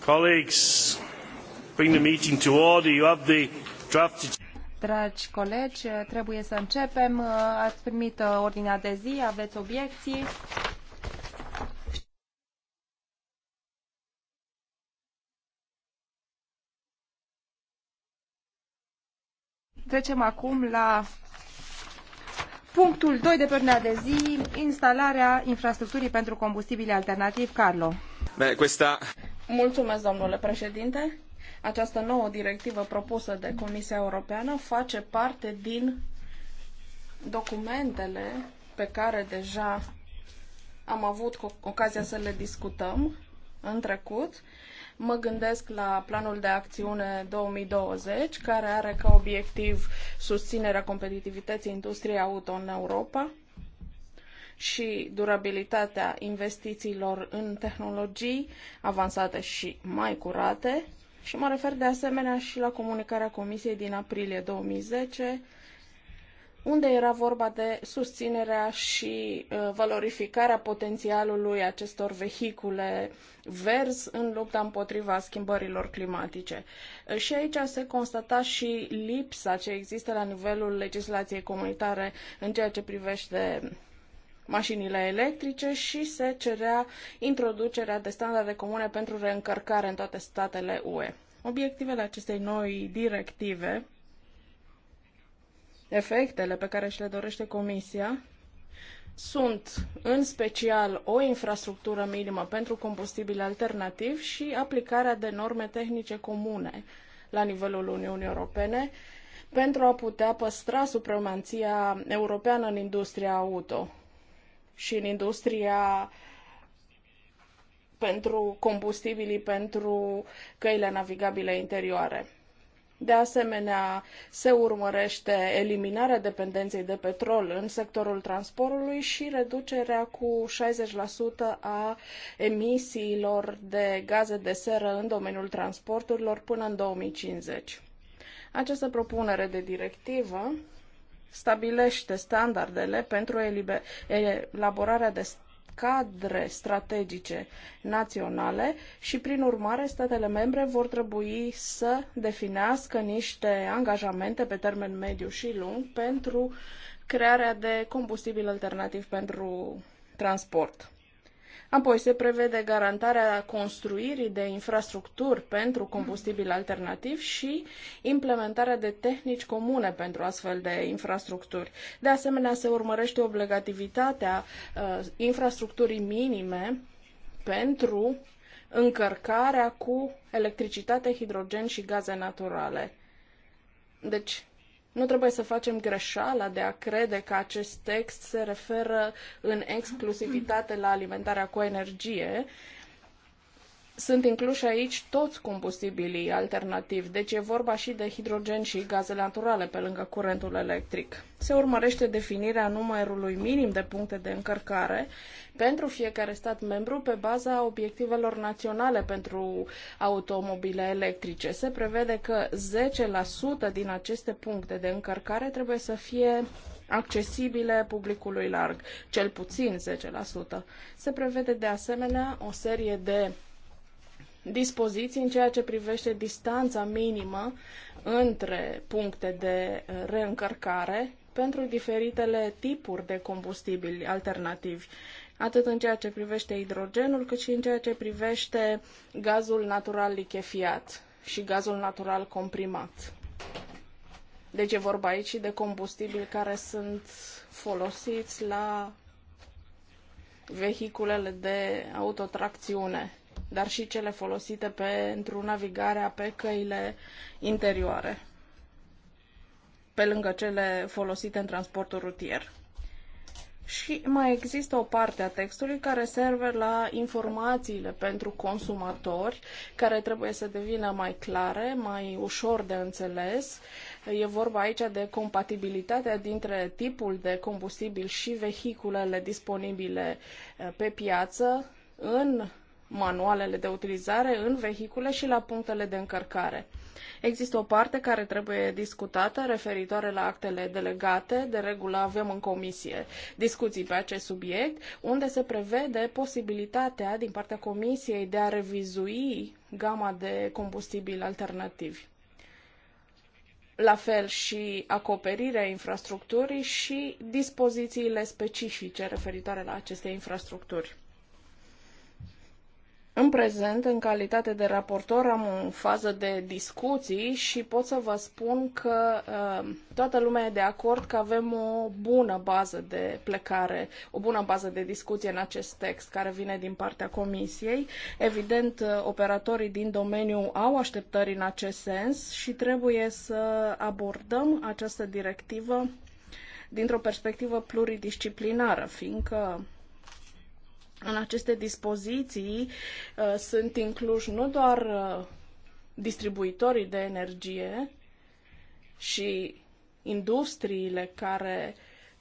Colleagues, bring the meeting to order. You have the drafted... Dragi colegi, trebuie să începem. Ați primit ordinea de zi, aveți obiecții. Trecem acum la Punctul 2 de pe ordinea de zi, instalarea infrastructurii pentru combustibili alternativi, Carlo. Bine, questa... Mulțumesc, domnule președinte. Această nouă directivă propusă de Comisia Europeană face parte din documentele pe care deja am avut ocazia să le discutăm în trecut Mă gândesc la planul de acțiune 2020, care are ca obiectiv susținerea competitivității industriei auto în Europa și durabilitatea investițiilor în tehnologii avansate și mai curate. Și mă refer de asemenea și la comunicarea Comisiei din aprilie 2010 unde era vorba de susținerea și uh, valorificarea potențialului acestor vehicule verzi în lupta împotriva schimbărilor climatice. Uh, și aici se constata și lipsa ce există la nivelul legislației comunitare în ceea ce privește mașinile electrice și se cerea introducerea de standarde comune pentru reîncărcare în toate statele UE. Obiectivele acestei noi directive efectele pe care și le dorește Comisia sunt în special o infrastructură minimă pentru combustibili alternativi și aplicarea de norme tehnice comune la nivelul Uniunii Europene pentru a putea păstra supremația europeană în industria auto și în industria pentru combustibilii pentru căile navigabile interioare. De asemenea, se urmărește eliminarea dependenței de petrol în sectorul transportului și reducerea cu 60% a emisiilor de gaze de seră în domeniul transporturilor până în 2050. Această propunere de directivă stabilește standardele pentru elaborarea de cadre strategice naționale și, prin urmare, statele membre vor trebui să definească niște angajamente pe termen mediu și lung pentru crearea de combustibil alternativ pentru transport. Apoi se prevede garantarea construirii de infrastructuri pentru combustibil alternativ și implementarea de tehnici comune pentru astfel de infrastructuri. De asemenea, se urmărește obligativitatea uh, infrastructurii minime pentru încărcarea cu electricitate, hidrogen și gaze naturale. Deci, nu trebuie să facem greșeala de a crede că acest text se referă în exclusivitate la alimentarea cu energie, sunt incluși aici toți combustibilii alternativi, deci e vorba și de hidrogen și gaze naturale pe lângă curentul electric. Se urmărește definirea numărului minim de puncte de încărcare pentru fiecare stat membru pe baza obiectivelor naționale pentru automobile electrice. Se prevede că 10% din aceste puncte de încărcare trebuie să fie accesibile publicului larg, cel puțin 10%. Se prevede de asemenea o serie de dispoziții în ceea ce privește distanța minimă între puncte de uh, reîncărcare pentru diferitele tipuri de combustibili alternativi, atât în ceea ce privește hidrogenul, cât și în ceea ce privește gazul natural lichefiat și gazul natural comprimat. Deci e vorba aici de combustibili care sunt folosiți la vehiculele de autotracțiune dar și cele folosite pentru navigarea pe căile interioare, pe lângă cele folosite în transportul rutier. Și mai există o parte a textului care serve la informațiile pentru consumatori, care trebuie să devină mai clare, mai ușor de înțeles. E vorba aici de compatibilitatea dintre tipul de combustibil și vehiculele disponibile eh, pe piață în manualele de utilizare în vehicule și la punctele de încărcare. Există o parte care trebuie discutată referitoare la actele delegate. De regulă avem în comisie discuții pe acest subiect, unde se prevede posibilitatea din partea comisiei de a revizui gama de combustibili alternativi la fel și acoperirea infrastructurii și dispozițiile specifice referitoare la aceste infrastructuri. În prezent, în calitate de raportor, am o fază de discuții și pot să vă spun că uh, toată lumea e de acord că avem o bună bază de plecare, o bună bază de discuție în acest text care vine din partea Comisiei. Evident, uh, operatorii din domeniu au așteptări în acest sens și trebuie să abordăm această directivă dintr-o perspectivă pluridisciplinară, fiindcă în aceste dispoziții uh, sunt incluși nu doar uh, distribuitorii de energie și industriile care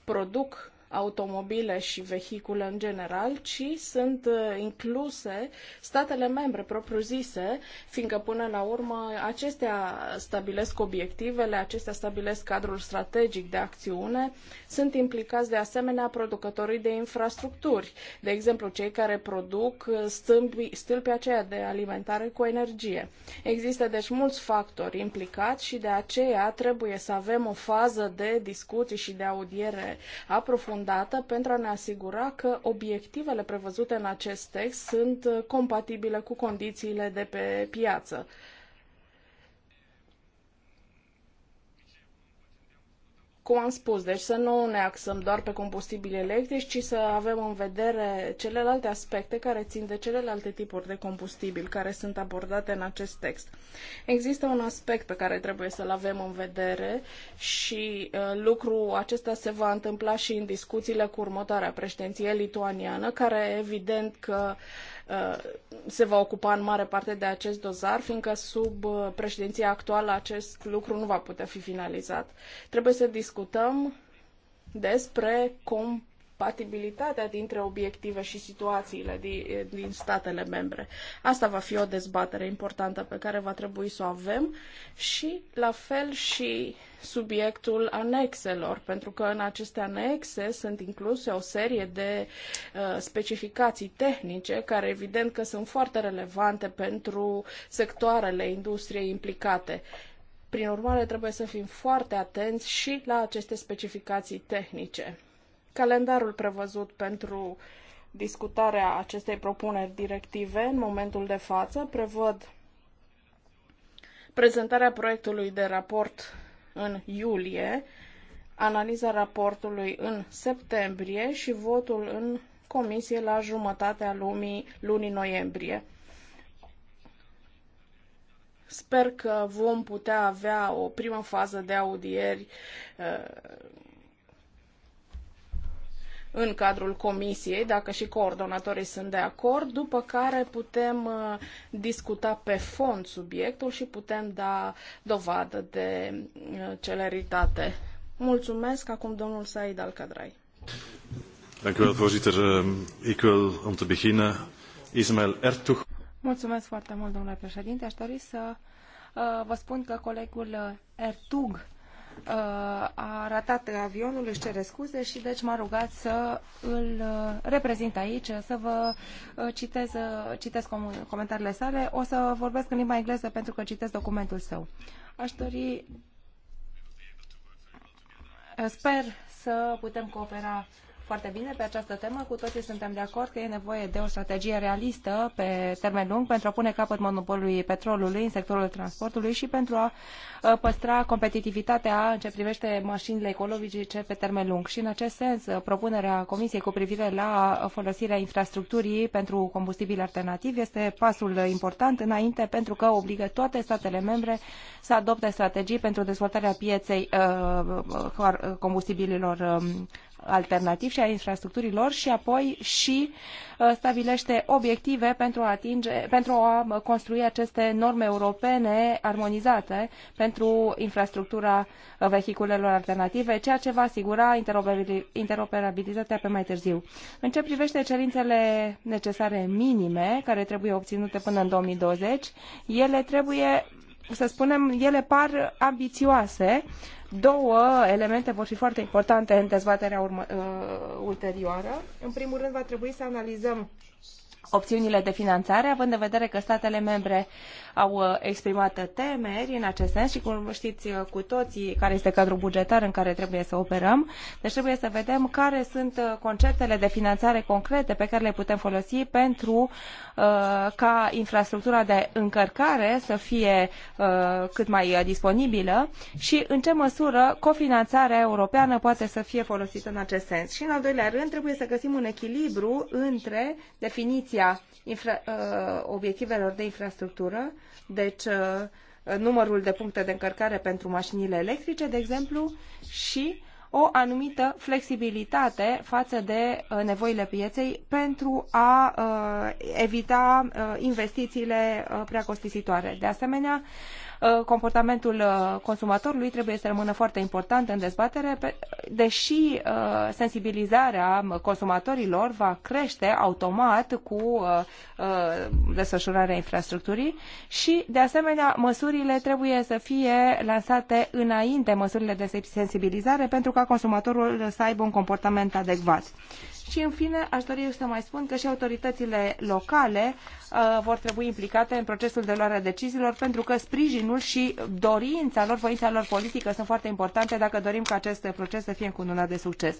produc automobile și vehicule în general, ci sunt uh, incluse statele membre propriu-zise, fiindcă până la urmă acestea stabilesc obiectivele, acestea stabilesc cadrul strategic de acțiune, sunt implicați de asemenea producătorii de infrastructuri, de exemplu cei care produc uh, stâlpii, stâlpii aceia de alimentare cu energie. Există deci mulți factori implicați și de aceea trebuie să avem o fază de discuții și de audiere aprofundată aprofundată pentru a ne asigura că obiectivele prevăzute în acest text sunt uh, compatibile cu condițiile de pe piață. cum am spus, deci să nu ne axăm doar pe combustibili electrici, ci să avem în vedere celelalte aspecte care țin de celelalte tipuri de combustibil care sunt abordate în acest text. Există un aspect pe care trebuie să-l avem în vedere și uh, lucru acesta se va întâmpla și în discuțiile cu următoarea președinție lituaniană, care evident că Uh, se va ocupa în mare parte de acest dosar, fiindcă sub uh, președinția actuală acest lucru nu va putea fi finalizat. Trebuie să discutăm despre cum compatibilitatea dintre obiective și situațiile din, din statele membre. Asta va fi o dezbatere importantă pe care va trebui să o avem și la fel și subiectul anexelor, pentru că în aceste anexe sunt incluse o serie de uh, specificații tehnice care evident că sunt foarte relevante pentru sectoarele industriei implicate. Prin urmare, trebuie să fim foarte atenți și la aceste specificații tehnice. Calendarul prevăzut pentru discutarea acestei propuneri directive în momentul de față prevăd prezentarea proiectului de raport în iulie, analiza raportului în septembrie și votul în comisie la jumătatea lumii, lunii noiembrie. Sper că vom putea avea o primă fază de audieri uh, în cadrul comisiei, dacă și coordonatorii sunt de acord, după care putem uh, discuta pe fond subiectul și putem da dovadă de uh, celeritate. Mulțumesc acum domnul Said Al-Kadrai. Dank ehm, om Mulțumesc foarte mult, domnule președinte. Aș dori să uh, vă spun că colegul Ertug Uh, a ratat avionul, își cere scuze și deci m-a rugat să îl uh, reprezint aici, să vă uh, citez, citesc comentariile sale. O să vorbesc în limba engleză pentru că citesc documentul său. Aș dori, sper să putem coopera foarte bine pe această temă. Cu toții suntem de acord că e nevoie de o strategie realistă pe termen lung pentru a pune capăt monopolului petrolului în sectorul transportului și pentru a păstra competitivitatea în ce privește mașinile ecologice pe termen lung. Și în acest sens, propunerea Comisiei cu privire la folosirea infrastructurii pentru combustibili alternativi este pasul important înainte pentru că obligă toate statele membre să adopte strategii pentru dezvoltarea pieței combustibililor alternativ și a infrastructurilor și apoi și uh, stabilește obiective pentru a, atinge, pentru a uh, construi aceste norme europene armonizate pentru infrastructura uh, vehiculelor alternative, ceea ce va asigura interoperabilitatea pe mai târziu. În ce privește cerințele necesare minime, care trebuie obținute până în 2020, ele trebuie să spunem, ele par ambițioase, două elemente vor fi foarte importante în dezbaterea urmă, uh, ulterioară. În primul rând, va trebui să analizăm opțiunile de finanțare, având în vedere că statele membre au uh, exprimat temeri în acest sens și cum știți uh, cu toții care este cadrul bugetar în care trebuie să operăm. Deci trebuie să vedem care sunt uh, conceptele de finanțare concrete pe care le putem folosi pentru ca infrastructura de încărcare să fie cât mai disponibilă și în ce măsură cofinanțarea europeană poate să fie folosită în acest sens. Și în al doilea rând trebuie să găsim un echilibru între definiția îndeplinirea infra, uh, obiectivelor de infrastructură, deci uh, numărul de puncte de încărcare pentru mașinile electrice, de exemplu, și o anumită flexibilitate față de uh, nevoile pieței pentru a evita investițiile prea costisitoare. De asemenea, Uh, comportamentul uh, consumatorului trebuie să rămână foarte important în dezbatere, deși uh, sensibilizarea consumatorilor va crește automat cu desfășurarea infrastructurii și, de asemenea, măsurile trebuie să fie lansate înainte, măsurile de sensibilizare, pentru ca consumatorul să aibă un comportament adecvat. Și, în fine, aș dori să mai spun că și autoritățile locale uh, vor trebui implicate în procesul de luare a deciziilor, pentru că sprijinul și dorința lor, voința lor politică sunt foarte importante dacă dorim ca acest proces să fie încununat de succes.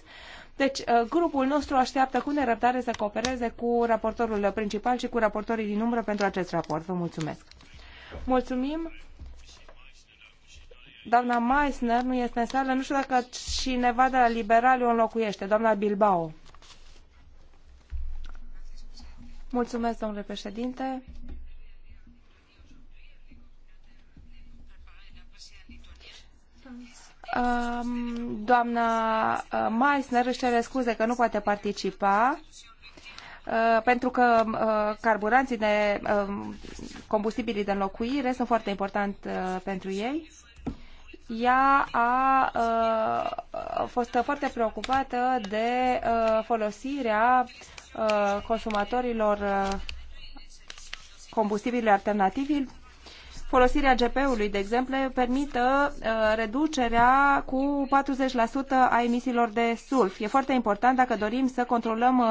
Deci, uh, grupul nostru așteaptă cu nerăbdare să coopereze cu raportorul principal și cu raportorii din umbră pentru acest raport. Vă mulțumesc! Mulțumim! Doamna Meissner nu este în sală. Nu știu dacă cineva de la Liberali o înlocuiește. Doamna Bilbao. Mulțumesc, domnule președinte. Doamna uh, Meissner își cere scuze că nu poate participa uh, pentru că uh, carburanții de combustibilii de înlocuire sunt foarte important pentru ei ea a, a uh, fost foarte preocupată de a, uh, folosirea a, uh, consumatorilor combustibilii alternativi folosirea GP-ului, de exemplu, permită uh, reducerea cu 40% a emisiilor de sulf. E foarte important dacă dorim să controlăm uh,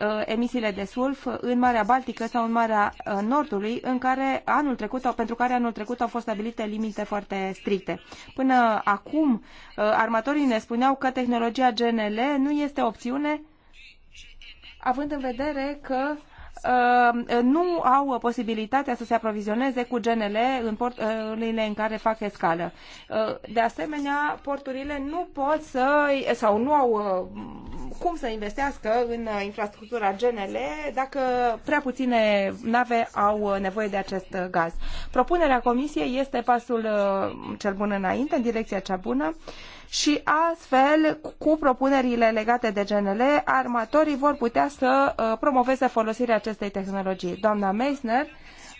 uh, emisiile de sulf în Marea Baltică sau în Marea Nordului, în care anul trecut, pentru care anul trecut au fost stabilite limite foarte stricte. Până acum, armatorii ne spuneau că tehnologia GNL nu este opțiune, având în vedere că Uh, nu au posibilitatea să se aprovizioneze cu genele în porturile în care fac escală. Uh, de asemenea, porturile nu pot să sau nu au uh, cum să investească în infrastructura GNL dacă prea puține nave au nevoie de acest gaz. Propunerea Comisiei este pasul cel bun înainte, în direcția cea bună și astfel, cu propunerile legate de GNL, armatorii vor putea să uh, promoveze folosirea acestei tehnologii. Doamna Meissner,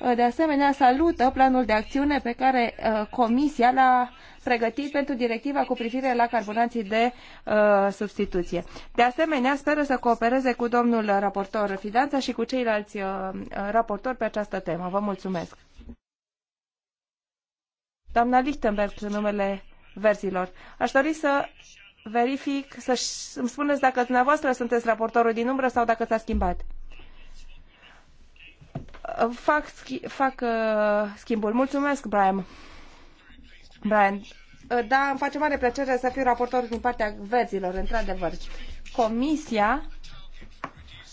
uh, de asemenea, salută planul de acțiune pe care uh, Comisia l-a pregătit pentru directiva cu privire la carbonații de uh, substituție. De asemenea, speră să coopereze cu domnul raportor Fidanța și cu ceilalți uh, raportori pe această temă. Vă mulțumesc. Doamna Lichtenberg, numele verzilor. Aș dori să verific, să îmi spuneți dacă dumneavoastră sunteți raportorul din umbră sau dacă s-a schimbat. Fac, fac uh, schimbul. Mulțumesc, Brian. Brian. Uh, da, îmi face mare plăcere să fiu raportor din partea verzilor, într-adevăr. Comisia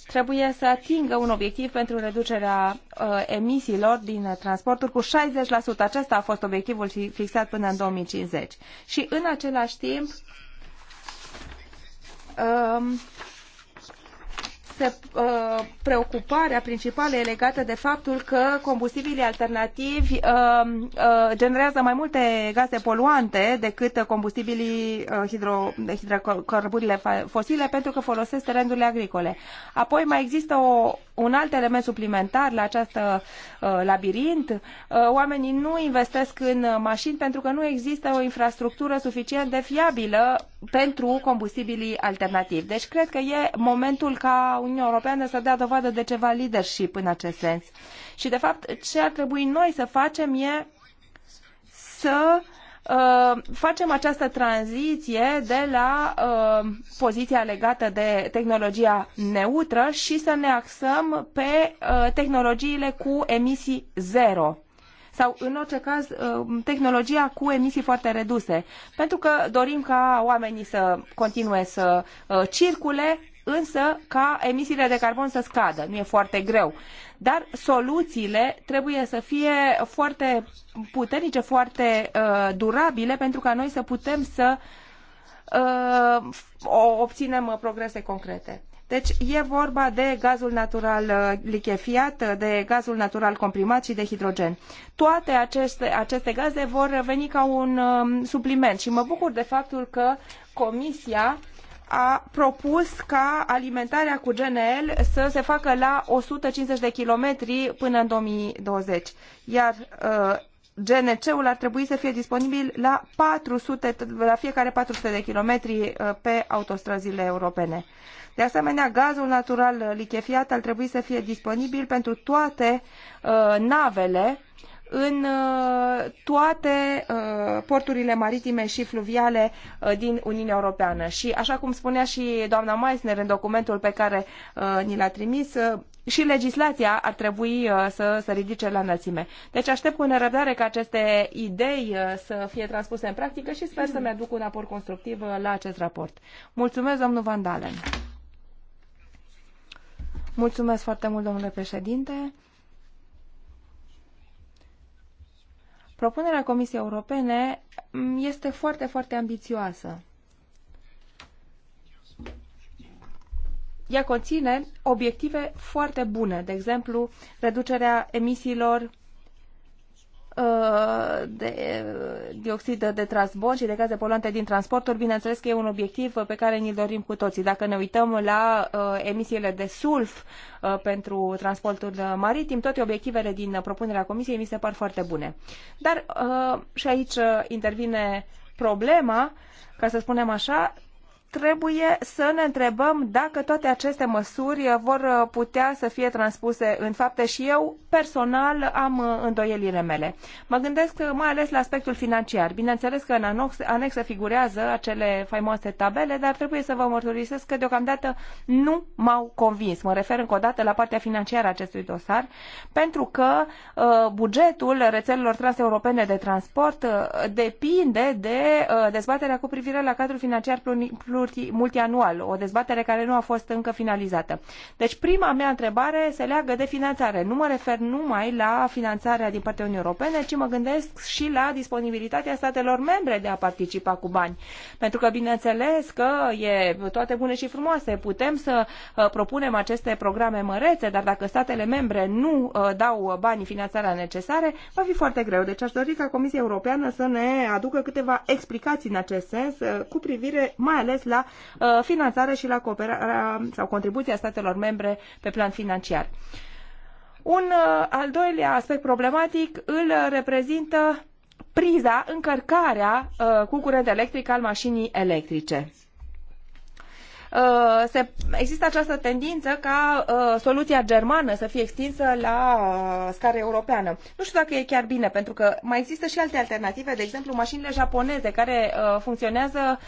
trebuie să atingă un obiectiv pentru reducerea uh, emisiilor din transporturi cu 60%. Acesta a fost obiectivul fixat până în 2050. Și în același timp, uh, Pre, uh, preocuparea principală e legată de faptul că combustibilii alternativi uh, uh, generează mai multe gaze poluante decât combustibilii uh, hidro, hidrocarburile fosile pentru că folosesc terenurile agricole. Apoi mai există o, un alt element suplimentar la acest uh, labirint. Uh, oamenii nu investesc în mașini pentru că nu există o infrastructură suficient de fiabilă pentru combustibilii alternativi. Deci cred că e momentul ca Uniunea Europeană să dea dovadă de ceva leadership în acest sens. Și de fapt ce ar trebui noi să facem e să uh, facem această tranziție de la uh, poziția legată de tehnologia neutră și să ne axăm pe uh, tehnologiile cu emisii zero sau, în orice caz, uh, tehnologia cu emisii foarte reduse. Pentru că dorim ca oamenii să continue să uh, circule, însă ca emisiile de carbon să scadă. Nu e foarte greu. Dar soluțiile trebuie să fie foarte puternice, foarte uh, durabile, pentru ca noi să putem să obținem progrese concrete. Deci e vorba de gazul natural uh, lichefiat, uh, de gazul natural comprimat și de hidrogen. Toate aceste, aceste gaze vor veni ca un um, supliment și mă bucur de faptul că Comisia a propus ca alimentarea cu GNL să se facă la 150 de kilometri până în 2020, iar uh, GNC-ul ar trebui să fie disponibil la, 400, la fiecare 400 de kilometri uh, pe autostrăzile europene. De asemenea, gazul natural lichefiat ar trebui să fie disponibil pentru toate uh, navele în uh, toate uh, porturile maritime și fluviale uh, din Uniunea Europeană. Și așa cum spunea și doamna Meissner în documentul pe care uh, ni l-a trimis, și legislația ar trebui uh, să se ridice la înălțime. Deci aștept cu nerăbdare ca aceste idei uh, să fie transpuse în practică și sper să-mi aduc un aport constructiv uh, la acest raport. Mulțumesc, domnul Van Dalen. Mulțumesc foarte mult, domnule președinte. Propunerea Comisiei Europene mm, este foarte, foarte ambițioasă. ea conține obiective foarte bune, de exemplu, reducerea emisiilor uh, de uh, dioxid de transbon și de gaze poluante din transporturi, bineînțeles că e un obiectiv pe care ni-l dorim cu toții. Dacă ne uităm la uh, emisiile de sulf pentru transportul maritim, toate obiectivele din propunerea Comisiei mi se par foarte bune. Dar și aici intervine problema, ca să spunem așa, trebuie să ne întrebăm dacă toate aceste măsuri vor putea să fie transpuse în fapte și eu personal am îndoielile mele. Mă gândesc mai ales la aspectul financiar. Bineînțeles că în anexă figurează acele faimoase tabele, dar trebuie să vă mărturisesc că deocamdată nu m-au convins. Mă refer încă o dată la partea financiară a acestui dosar, pentru că uh, bugetul rețelelor transeuropene de transport uh, depinde de uh, dezbaterea cu privire la cadrul financiar plurianual multianual, o dezbatere care nu a fost încă finalizată. Deci prima mea întrebare se leagă de finanțare. Nu mă refer numai la finanțarea din partea Uniunii Europene, ci mă gândesc și la disponibilitatea statelor membre de a participa cu bani. Pentru că, bineînțeles, că e toate bune și frumoase. Putem să uh, propunem aceste programe mărețe, dar dacă statele membre nu uh, dau banii finanțarea necesare, va fi foarte greu. Deci aș dori ca Comisia Europeană să ne aducă câteva explicații în acest sens uh, cu privire mai ales la uh, finanțare și la cooperarea sau contribuția statelor membre pe plan financiar. Un uh, al doilea aspect problematic îl reprezintă priza, încărcarea uh, cu curent electric al mașinii electrice. Uh, se, există această tendință ca uh, soluția germană să fie extinsă la uh, scară europeană. Nu știu dacă e chiar bine, pentru că mai există și alte alternative, de exemplu mașinile japoneze care funcționează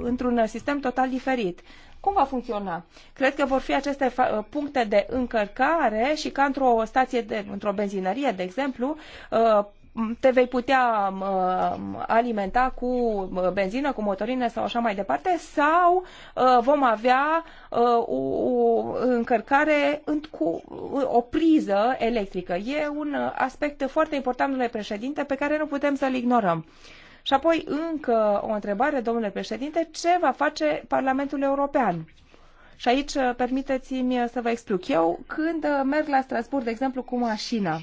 într-un sistem total diferit. Cum va funcționa? Cred că vor fi aceste puncte de încărcare și ca într-o stație, de, într-o benzinărie, de exemplu, te vei putea alimenta cu benzină, cu motorină sau așa mai departe, sau ă, vom avea ă, o încărcare cu o priză electrică. E un aspect foarte important, domnule președinte, pe care nu putem să-l ignorăm. Și apoi încă o întrebare, domnule președinte, ce va face Parlamentul European? Și aici permiteți-mi să vă explic. Eu când ă, merg la Strasburg, de exemplu, cu mașina,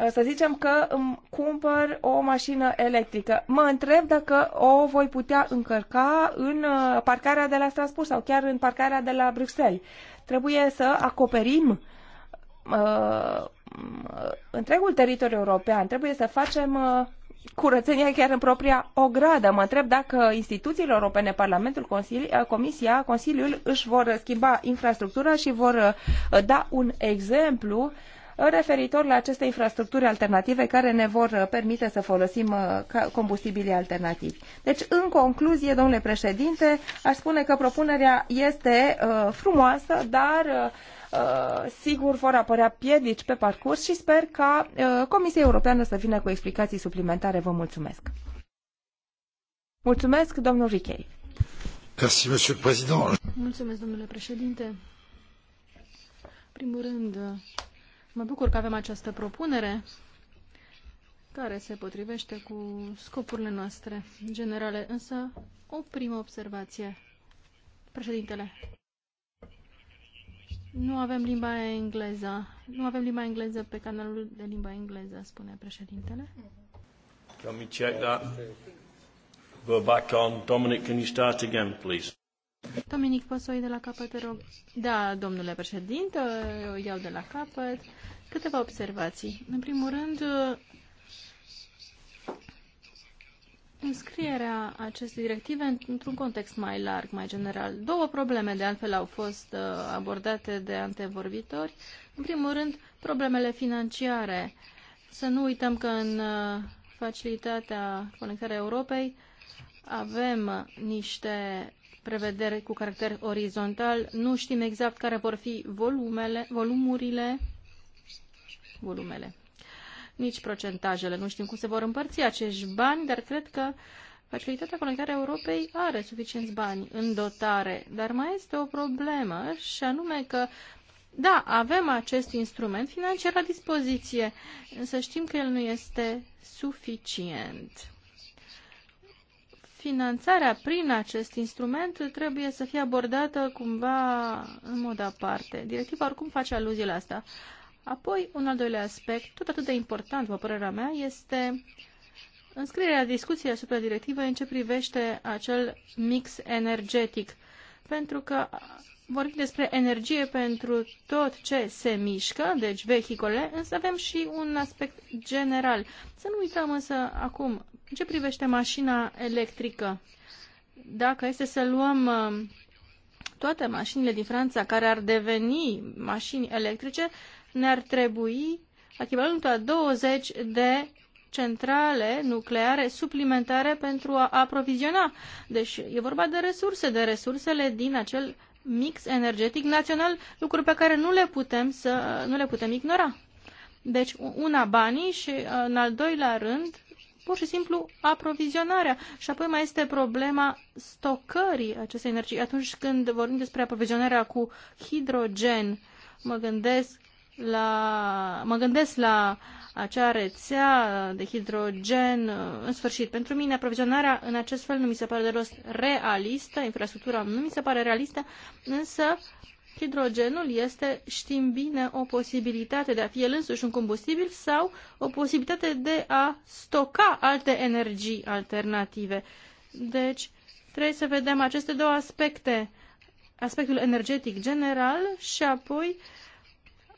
Eh, să zicem că îmi cumpăr o mașină electrică. Mă întreb dacă o voi putea încărca în eh, parcarea de la Strasbourg sau chiar în parcarea de la Bruxelles. Trebuie să acoperim uh, întregul teritoriu european. Trebuie să facem uh, curățenia chiar în propria ogradă. Mă întreb dacă instituțiile europene, Parlamentul, Consili, Comisia, Consiliul își vor schimba infrastructura și vor uh, da un exemplu uh, referitor la aceste infrastructuri alternative care ne vor uh, permite să folosim uh, combustibilii alternativi. Deci, în concluzie, domnule președinte, aș spune că propunerea este uh, frumoasă, dar sigur vor apărea piedici pe parcurs și sper ca Comisia Europeană să vină cu explicații suplimentare. Vă mulțumesc. Mulțumesc, domnul Richei. Mulțumesc, domnule președinte. În primul rând, Mă bucur că avem această propunere care se potrivește cu scopurile noastre generale, însă o primă observație. Președintele, nu avem limba engleză. Nu avem limba engleză pe canalul de limba engleză, spune președintele. Can we check that? Go back on. Dominic, can you start again, please? Dominic, poți să o iei de la capăt, te rog? Da, domnule președinte, o iau de la capăt. Câteva observații. În primul rând, înscrierea acestei directive într-un context mai larg, mai general. Două probleme, de altfel, au fost uh, abordate de antevorbitori. În primul rând, problemele financiare. Să nu uităm că în uh, facilitatea conectarea Europei avem niște prevederi cu caracter orizontal. Nu știm exact care vor fi volumele, volumurile volumele, nici procentajele. Nu știm cum se vor împărți acești bani, dar cred că Facilitatea Conectarea Europei are suficienți bani în dotare, dar mai este o problemă și anume că da, avem acest instrument financiar la dispoziție, însă știm că el nu este suficient. Finanțarea prin acest instrument trebuie să fie abordată cumva în mod aparte. Directiva oricum face aluzie la asta. Apoi, un al doilea aspect, tot atât de important, după părerea mea, este înscrierea discuției asupra directivei în ce privește acel mix energetic. Pentru că vorbim despre energie pentru tot ce se mișcă, deci vehicole, însă avem și un aspect general. Să nu uităm însă acum, în ce privește mașina electrică, dacă este să luăm uh, toate mașinile din Franța care ar deveni mașini electrice, ne-ar trebui echivalentul a 20 de centrale nucleare suplimentare pentru a aproviziona. Deci e vorba de resurse, de resursele din acel mix energetic național, lucruri pe care nu le putem, să, nu le putem ignora. Deci, una banii și, în al doilea rând, pur și simplu aprovizionarea. Și apoi mai este problema stocării acestei energii. Atunci când vorbim despre aprovizionarea cu hidrogen, mă gândesc la, mă gândesc la acea rețea de hidrogen, uh, în sfârșit, pentru mine aprovizionarea în acest fel nu mi se pare de rost realistă, infrastructura nu mi se pare realistă, însă hidrogenul este, știm bine, o posibilitate de a fi el însuși un combustibil sau o posibilitate de a stoca alte energii alternative. Deci, trebuie să vedem aceste două aspecte, aspectul energetic general și apoi uh,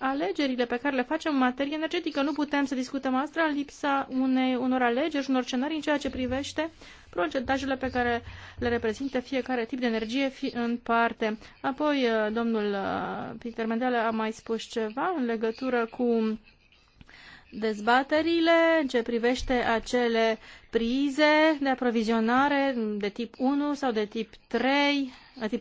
alegerile pe care le facem în materie energetică. Nu putem să discutăm asta în lipsa unei, unor alegeri și unor scenarii în ceea ce privește procentajele pe care le reprezintă fiecare tip de energie fi în parte. Apoi, domnul uh, Peter Mendele a mai spus ceva în legătură cu dezbaterile în ce privește acele prize de aprovizionare de tip 1 sau de tip 3,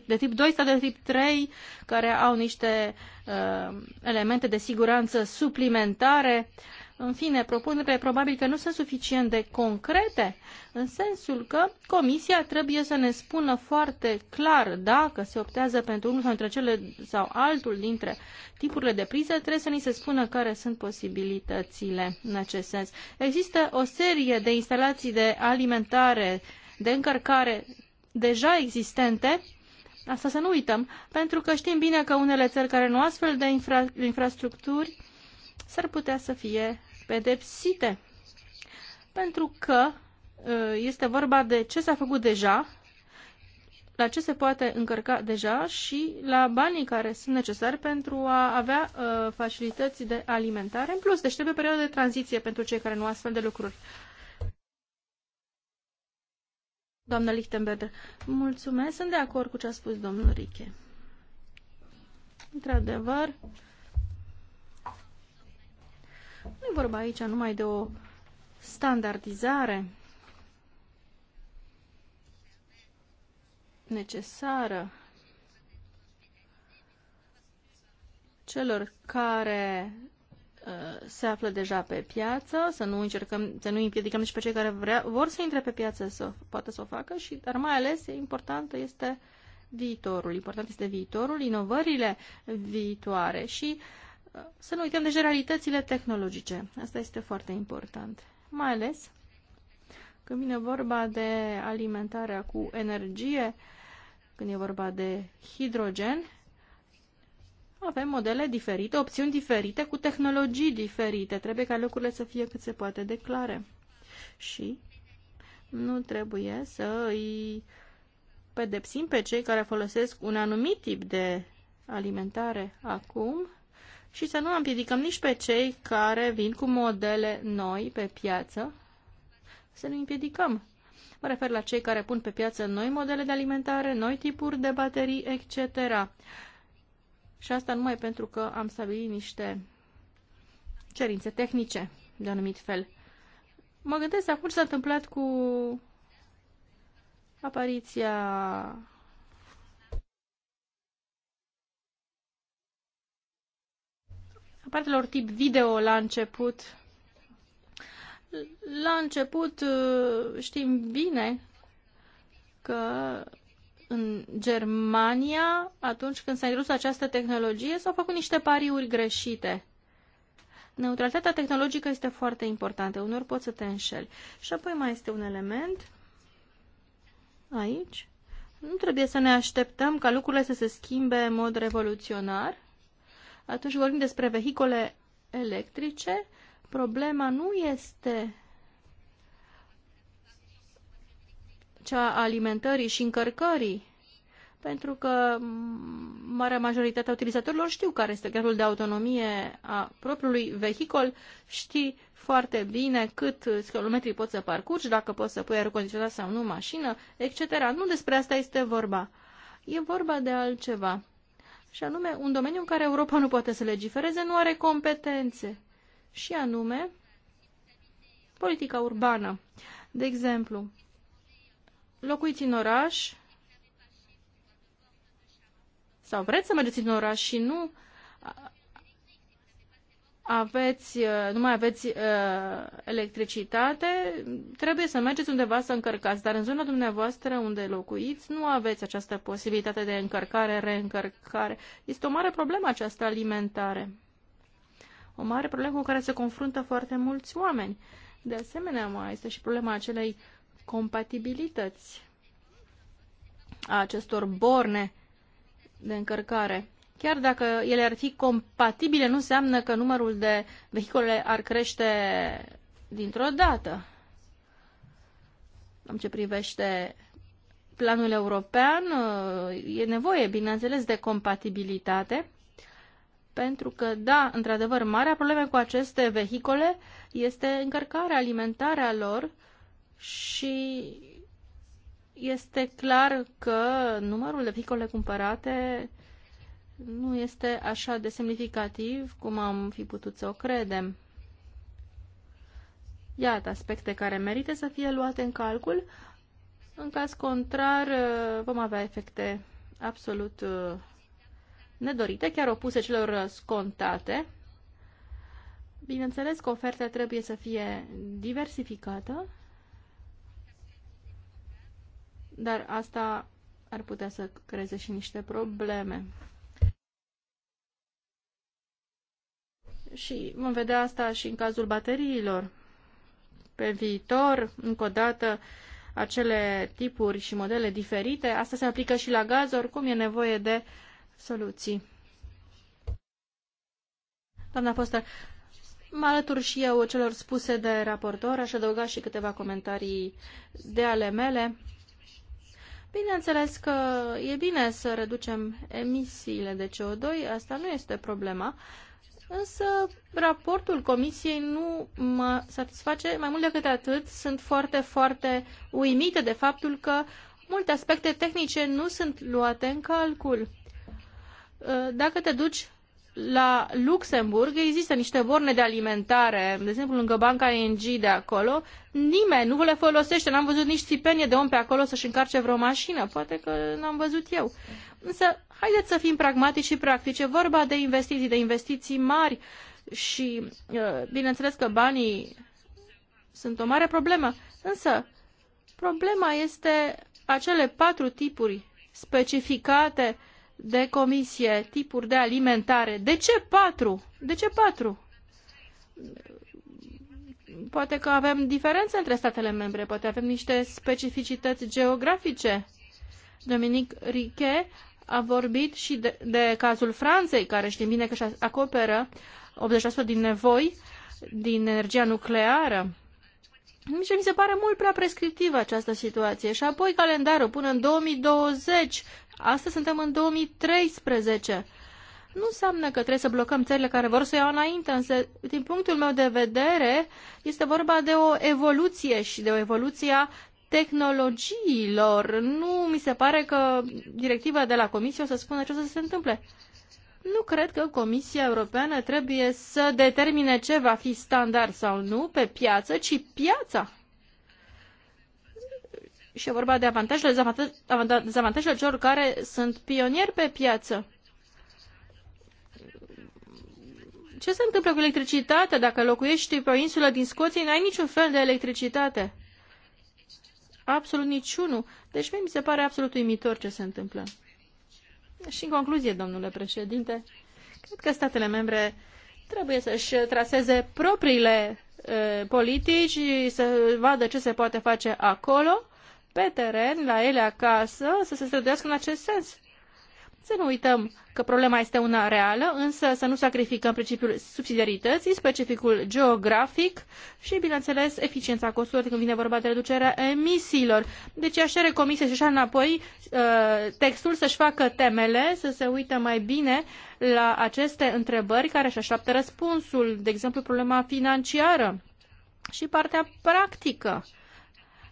de tip 2 sau de tip 3, care au niște uh, elemente de siguranță suplimentare uh, în fine, propunerile probabil că nu sunt suficient de concrete, în sensul că Comisia trebuie să ne spună foarte clar dacă se optează pentru unul sau, dintre cele, sau altul dintre tipurile de priză, trebuie să ni se spună care sunt posibilitățile în acest sens. Există o serie de instalații de alimentare, de încărcare deja existente, Asta să nu uităm, pentru că știm bine că unele țări care nu astfel de infra infrastructuri s-ar putea să fie pedepsite. Pentru că ă, este vorba de ce s-a făcut deja, la ce se poate încărca deja și la banii care sunt necesari pentru a avea ă, facilități de alimentare în plus. Deci trebuie o perioadă de tranziție pentru cei care nu au astfel de lucruri. Doamna Lichtenberger, mulțumesc, sunt de acord cu ce a spus domnul Riche. Într-adevăr, nu e vorba aici numai de o standardizare necesară celor care uh, se află deja pe piață, să nu încercăm, să nu împiedicăm nici pe cei care vrea, vor să intre pe piață să poată să o facă, și, dar mai ales importantă este viitorul. Important este viitorul, inovările viitoare și uh, să nu uităm deci, de realitățile tehnologice. Asta este foarte important. Mai ales când vine vorba de alimentarea cu energie, când e vorba de hidrogen, avem modele diferite, opțiuni diferite, cu tehnologii diferite. Trebuie ca lucrurile să fie cât se poate de clare. Și nu trebuie să îi pedepsim pe cei care folosesc un anumit tip de alimentare acum și să nu împiedicăm nici pe cei care vin cu modele noi pe piață, să nu împiedicăm. Mă refer la cei care pun pe piață noi modele de alimentare, noi tipuri de baterii, etc. Și asta numai pentru că am stabilit niște cerințe tehnice, de anumit fel. Mă gândesc acum ce s-a întâmplat cu apariția aparatelor tip video la început. La început uh, știm bine că în Germania, atunci când s-a introdus această tehnologie, s-au făcut niște pariuri greșite. Neutralitatea tehnologică este foarte importantă. Unor poți să te înșeli. Și apoi mai este un element aici. Nu trebuie să ne așteptăm ca lucrurile să se schimbe în mod revoluționar atunci vorbim despre vehicole electrice, problema nu este cea a alimentării și încărcării, pentru că marea majoritatea utilizatorilor știu care este gradul de autonomie a propriului vehicol, știi foarte bine cât kilometri poți să parcurgi, dacă poți să pui aer condiționat sau nu mașină, etc. Nu despre asta este vorba. E vorba de altceva și anume un domeniu în care Europa nu poate să legifereze, nu are competențe, și anume politica urbană. De exemplu, locuiți în oraș sau vreți să mergeți în oraș și nu aveți, uh, nu mai aveți uh, electricitate, trebuie să mergeți undeva să încărcați. Dar în zona dumneavoastră unde locuiți, nu aveți această posibilitate de încărcare, reîncărcare. Este o mare problemă această alimentare. O mare problemă cu care se confruntă foarte mulți oameni. De asemenea, mai este și problema acelei compatibilități a acestor borne de încărcare. Chiar dacă ele ar fi compatibile, nu înseamnă că numărul de vehicule ar crește dintr-o dată. În ce privește planul european, e nevoie, bineînțeles, de compatibilitate, pentru că, da, într-adevăr, marea problemă cu aceste vehicole este încărcarea, alimentarea lor și este clar că numărul de vehicole cumpărate nu este așa de semnificativ cum am fi putut să o credem. Iată aspecte care merită să fie luate în calcul. În caz contrar, vom avea efecte absolut uh, nedorite, chiar opuse celor scontate. Bineînțeles că oferta trebuie să fie diversificată, dar asta ar putea să creeze și niște probleme. Și vom vedea asta și în cazul bateriilor. Pe viitor, încă o dată, acele tipuri și modele diferite. Asta se aplică și la gaz, oricum e nevoie de soluții. Doamna Foster, mă alătur și eu celor spuse de raportor, aș adăuga și câteva comentarii de ale mele. Bineînțeles că e bine să reducem emisiile de CO2, asta nu este problema, Însă raportul comisiei nu mă satisface mai mult decât atât. Sunt foarte, foarte uimită de faptul că multe aspecte tehnice nu sunt luate în calcul. Uh, dacă te duci la Luxemburg există niște borne de alimentare, de exemplu lângă banca ING de acolo, nimeni nu le folosește, n-am văzut nici țipenie de om pe acolo să-și încarce vreo mașină, poate că n-am văzut eu. Însă, haideți să fim pragmatici și practici. E vorba de investiții, de investiții mari și, uh, bineînțeles că banii sunt o mare problemă. Însă, problema este acele patru tipuri specificate de comisie, tipuri de alimentare. De ce patru? De ce patru? Poate că avem diferențe între statele membre, poate avem niște specificități geografice. Dominic Riche a vorbit și de, de cazul Franței, care știm bine că își acoperă 80% din nevoi din energia nucleară. Și mi se pare mult prea prescriptivă această situație. Și apoi calendarul până în 2020. Astăzi suntem în 2013. Nu înseamnă că trebuie să blocăm țările care vor să o iau înainte, însă, din punctul meu de vedere, este vorba de o evoluție și de o evoluție a tehnologiilor. Nu mi se pare că directiva de la Comisie o să spună ce o să se întâmple. Nu cred că Comisia Europeană trebuie să determine ce va fi standard sau nu pe piață, ci piața. Și e vorba de avantajele, dezavantajele celor care sunt pionieri pe piață. Ce se întâmplă cu electricitatea? Dacă locuiești pe o insulă din Scoție, n-ai niciun fel de electricitate. Absolut niciunul. Deci mie mi se pare absolut uimitor ce se întâmplă. Și în concluzie, domnule președinte, cred că statele membre trebuie să-și traseze propriile e, politici, să vadă ce se poate face acolo, pe teren, la ele acasă, să se străduiască în acest sens. Să nu uităm că problema este una reală, însă să nu sacrificăm principiul subsidiarității, specificul geografic și, bineînțeles, eficiența costurilor când vine vorba de reducerea emisiilor. Deci aș cere comisia și așa înapoi uh, textul, să-și facă temele, să se uite mai bine la aceste întrebări care își așteaptă răspunsul, de exemplu problema financiară și partea practică.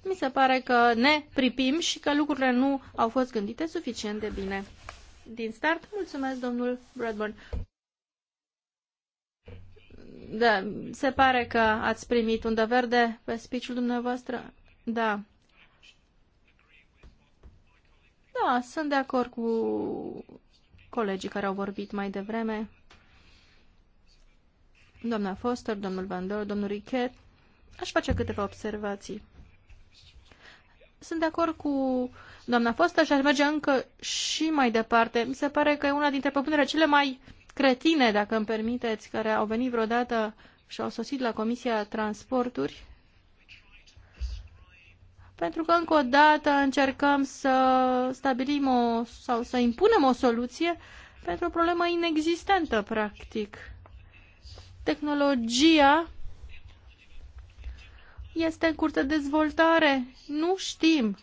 Mi se pare că ne pripim și că lucrurile nu au fost gândite suficient de bine din start. Mulțumesc, domnul Bradburn. Da, se pare că ați primit undă verde pe speech-ul dumneavoastră. Da. Da, sunt de acord cu colegii care au vorbit mai devreme. Doamna Foster, domnul Vandor, domnul Richet. Aș face câteva observații sunt de acord cu doamna fosta și aș merge încă și mai departe. Mi se pare că e una dintre propunerile cele mai cretine, dacă îmi permiteți, care au venit vreodată și au sosit la Comisia Transporturi. Pentru că încă o dată încercăm să stabilim o, sau să impunem o soluție pentru o problemă inexistentă, practic. Tehnologia este în curte dezvoltare. Nu știm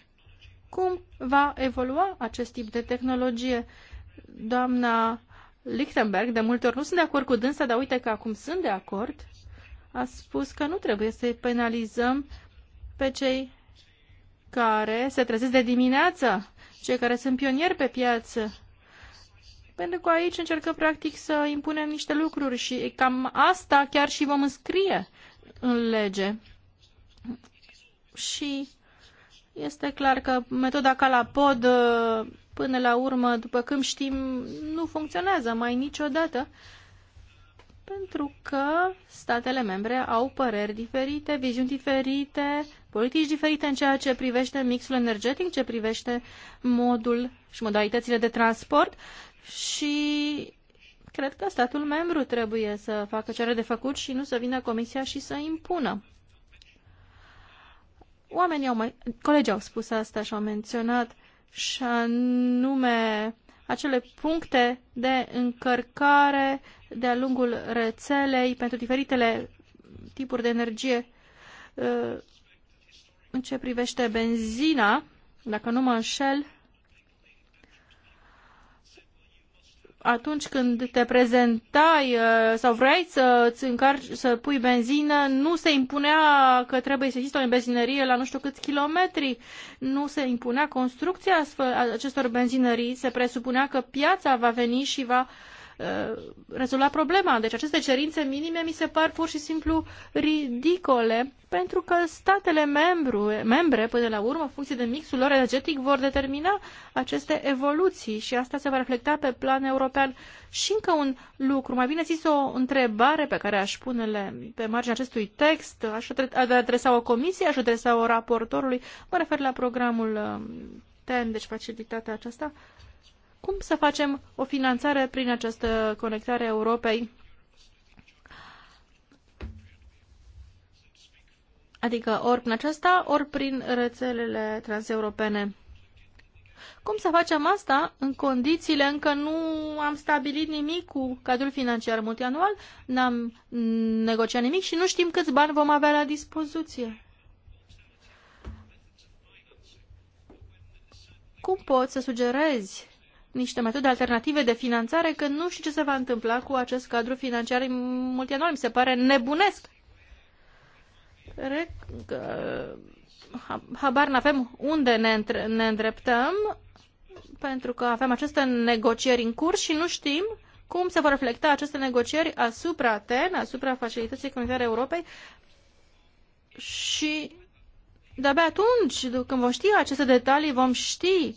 cum va evolua acest tip de tehnologie. Doamna Lichtenberg, de multe ori nu sunt de acord cu dânsa, dar uite că acum sunt de acord, a spus că nu trebuie să-i penalizăm pe cei care se trezesc de dimineață, cei care sunt pionieri pe piață. Pentru că aici încercăm practic să impunem niște lucruri și cam asta chiar și vom înscrie în lege și este clar că metoda ca la pod, uh, până la urmă, după cum știm, nu funcționează mai niciodată, pentru că statele membre au păreri diferite, viziuni diferite, politici diferite în ceea ce privește mixul energetic, ce privește modul și modalitățile de transport și cred că statul membru trebuie să facă ce are de făcut și nu să vină comisia și să impună. Oamenii au mai, colegii au spus asta și au menționat și anume acele puncte de încărcare de-a lungul rețelei pentru diferitele tipuri de energie uh, în ce privește benzina, dacă nu mă înșel, atunci când te prezentai uh, sau vrei să îți încarci, să pui benzină, nu se impunea că trebuie să există o benzinărie la nu știu câți kilometri, nu se impunea construcția acestor benzinării, se presupunea că piața va veni și va uh, Uh, rezolva problema. Deci aceste cerințe minime mi se par pur și simplu ridicole, pentru că statele membru, membre, până la urmă, în funcție de mixul lor energetic, vor determina aceste evoluții și asta se va reflecta pe plan european. Și încă un lucru, mai bine zis o întrebare pe care aș pune pe marginea acestui text, aș adresa o comisie, aș adresa o raportorului, mă refer la programul uh, TEN, deci facilitatea aceasta, cum să facem o finanțare prin această conectare a Europei? Adică ori prin aceasta, ori prin rețelele transeuropene. Cum să facem asta în condițiile încă nu am stabilit nimic cu cadrul financiar multianual, n-am negociat nimic și nu știm câți bani vom avea la dispoziție? Cum poți să sugerezi niște metode alternative de finanțare, că nu știu ce se va întâmpla cu acest cadru financiar multianual. Mi se pare nebunesc. Rec- Că... Habar n-avem unde ne, între... ne îndreptăm, pentru că avem aceste negocieri în curs și nu știm cum se vor reflecta aceste negocieri asupra TEN, asupra Facilității Comunitare Europei și de-abia atunci, când vom ști aceste detalii, vom ști uh,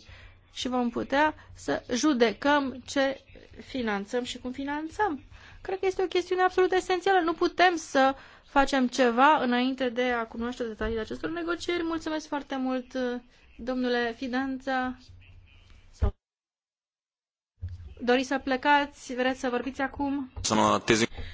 și vom putea să judecăm ce finanțăm și cum finanțăm. Cred că este o chestiune absolut esențială. Nu putem să facem ceva înainte de a cunoaște detaliile acestor negocieri. Mulțumesc foarte mult, domnule Fidanța. Doriți să plecați? Vreți să vorbiți acum?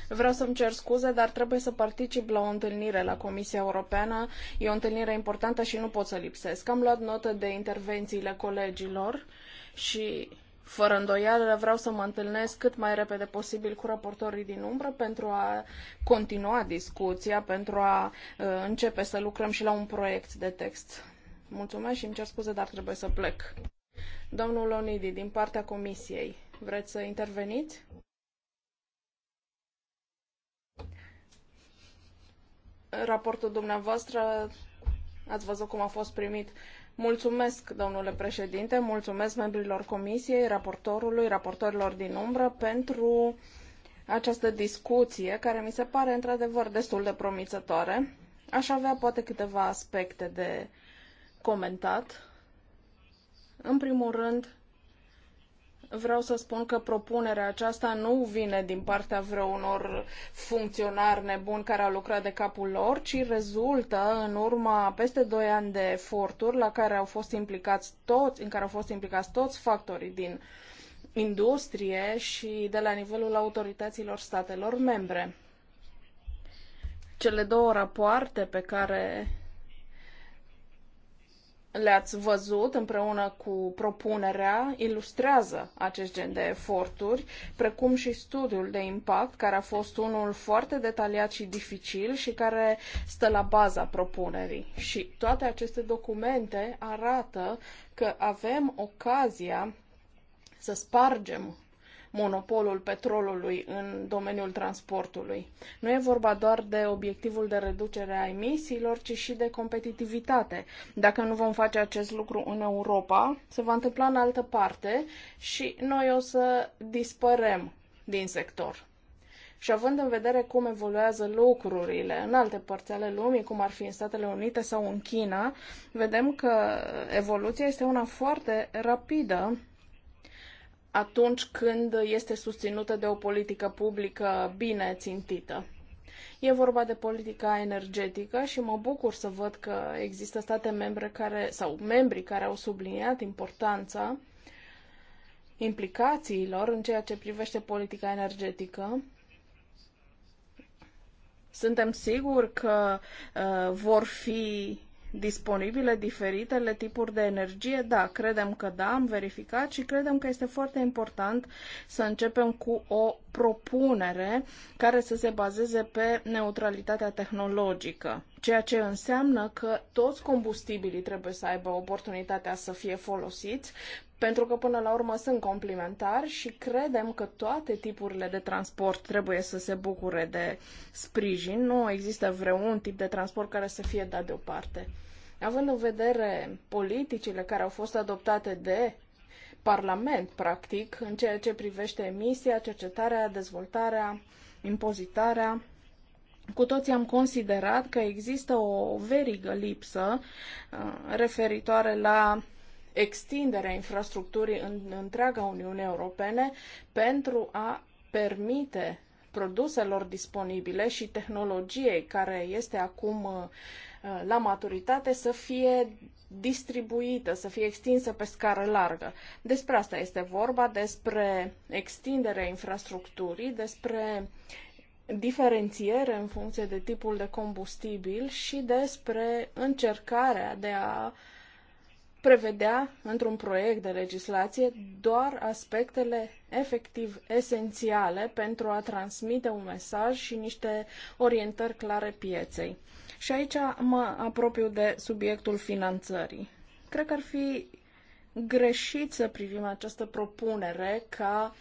Vreau să-mi cer scuze, dar trebuie să particip la o întâlnire la Comisia Europeană. E o întâlnire importantă și nu pot să lipsesc. Am luat notă de intervențiile colegilor și fără îndoială vreau să mă întâlnesc cât mai repede posibil cu raportorii din umbră pentru a continua discuția, pentru a uh, începe să lucrăm și la un proiect de text. Mulțumesc și îmi cer scuze, dar trebuie să plec. Domnul Onidi, din partea Comisiei. Vreți să interveniți? Raportul dumneavoastră ați văzut cum a fost primit. Mulțumesc, domnule președinte, mulțumesc membrilor comisiei, raportorului, raportorilor din umbră pentru această discuție, care mi se pare într-adevăr destul de promițătoare. Aș avea poate câteva aspecte de comentat. În primul rând, Vreau să spun că propunerea aceasta nu vine din partea vreunor funcționari nebuni care au lucrat de capul lor, ci rezultă în urma peste 2 ani de eforturi la care au fost implicați toți, în care au fost implicați toți factorii din industrie și de la nivelul autorităților statelor membre. Cele două rapoarte pe care le-ați văzut împreună cu propunerea ilustrează acest gen de eforturi, precum și studiul de impact, care a fost unul foarte detaliat și dificil și care stă la baza propunerii. Și toate aceste documente arată că avem ocazia să spargem monopolul petrolului în domeniul transportului. Nu e vorba doar de obiectivul de reducere a emisiilor, ci și de competitivitate. Dacă nu vom face acest lucru în Europa, se va întâmpla în altă parte și noi o să dispărem din sector. Și având în vedere cum evoluează lucrurile în alte părți ale lumii, cum ar fi în Statele Unite sau în China, vedem că evoluția este una foarte rapidă atunci când este susținută de o politică publică bine țintită. E vorba de politica energetică și mă bucur să văd că există state membre care, sau membri care au subliniat importanța implicațiilor în ceea ce privește politica energetică. Suntem siguri că uh, vor fi disponibile diferitele tipuri de energie? Da, credem că da, am verificat și credem că este foarte important să începem cu o propunere care să se bazeze pe neutralitatea tehnologică, ceea ce înseamnă că toți combustibilii trebuie să aibă oportunitatea să fie folosiți, pentru că până la urmă sunt complementari și credem că toate tipurile de transport trebuie să se bucure de sprijin. Nu există vreun tip de transport care să fie dat deoparte. Având în vedere politicile care au fost adoptate de Parlament, practic, în ceea ce privește emisia, cercetarea, dezvoltarea, impozitarea, cu toții am considerat că există o verigă lipsă uh, referitoare la extinderea infrastructurii în întreaga Uniune Europene pentru a permite produselor disponibile și tehnologiei care este acum uh, Uh, la maturitate să fie distribuită, să fie extinsă pe scară largă. Despre asta este vorba, despre extinderea infrastructurii, despre diferențiere în funcție de tipul de combustibil și despre încercarea de a uh, prevedea într-un proiect de legislație doar aspectele efectiv esențiale pentru a transmite un mesaj și niște orientări clare pieței. Și aici mă apropiu de subiectul finanțării. Cred că ar fi greșit să privim această propunere ca uh,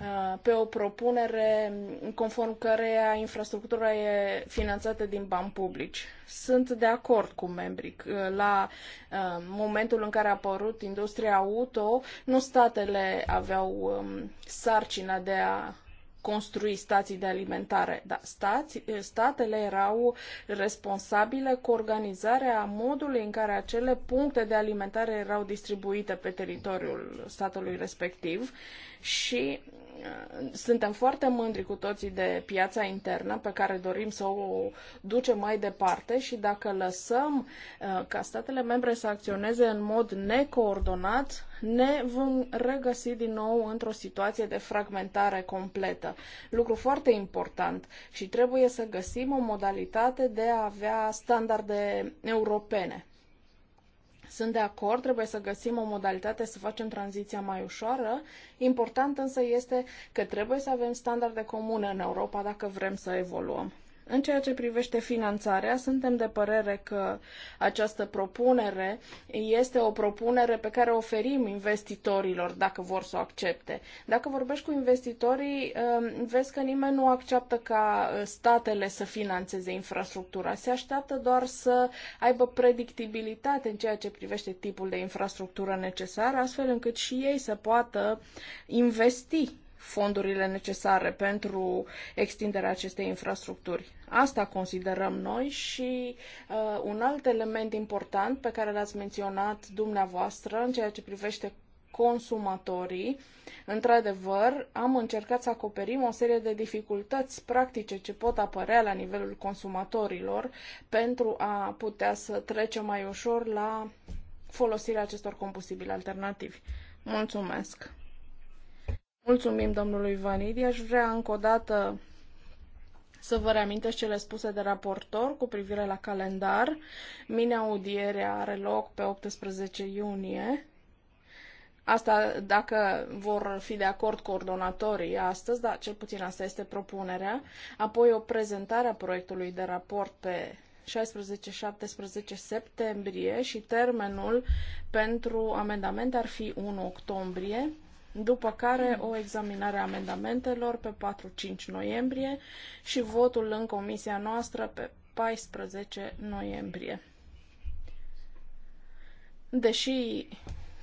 Uh, pe o propunere conform căreia infrastructura e finanțată din bani publici. Sunt de acord cu membrii. La uh, momentul în care a apărut industria auto, nu statele aveau um, sarcina de a construi stații de alimentare, dar uh, statele erau responsabile cu organizarea modului în care acele puncte de alimentare erau distribuite pe teritoriul statului respectiv și suntem foarte mândri cu toții de piața internă pe care dorim să o ducem mai departe și dacă lăsăm uh, ca statele membre să acționeze în mod necoordonat, ne vom regăsi din nou într-o situație de fragmentare completă. Lucru foarte important și trebuie să găsim o modalitate de a avea standarde europene sunt de acord, trebuie să găsim o modalitate să facem tranziția mai ușoară. Important însă este că trebuie să avem standarde comune în Europa dacă vrem să evoluăm. În ceea ce privește finanțarea, suntem de părere că această propunere este o propunere pe care o oferim investitorilor dacă vor să o accepte. Dacă vorbești cu investitorii, um, vezi că nimeni nu acceptă ca uh, statele să financeze infrastructura. Se așteaptă doar să aibă predictibilitate în ceea ce privește tipul de infrastructură necesară, astfel încât și ei să poată investi fondurile necesare pentru extinderea acestei infrastructuri. Asta considerăm noi și uh, un alt element important pe care l-ați menționat dumneavoastră în ceea ce privește consumatorii. Într-adevăr, am încercat să acoperim o serie de dificultăți practice ce pot apărea la nivelul consumatorilor pentru a putea să trecem mai ușor la folosirea acestor combustibili alternativi. Mulțumesc! Mulțumim domnului Vanidi. Aș vrea încă o dată să vă reamintesc cele spuse de raportor cu privire la calendar. Mine audierea are loc pe 18 iunie. Asta dacă vor fi de acord coordonatorii astăzi, dar cel puțin asta este propunerea. Apoi o prezentare a proiectului de raport pe 16-17 septembrie și termenul pentru amendamente ar fi 1 octombrie după care o examinare a amendamentelor pe 4-5 noiembrie și votul în comisia noastră pe 14 noiembrie. Deși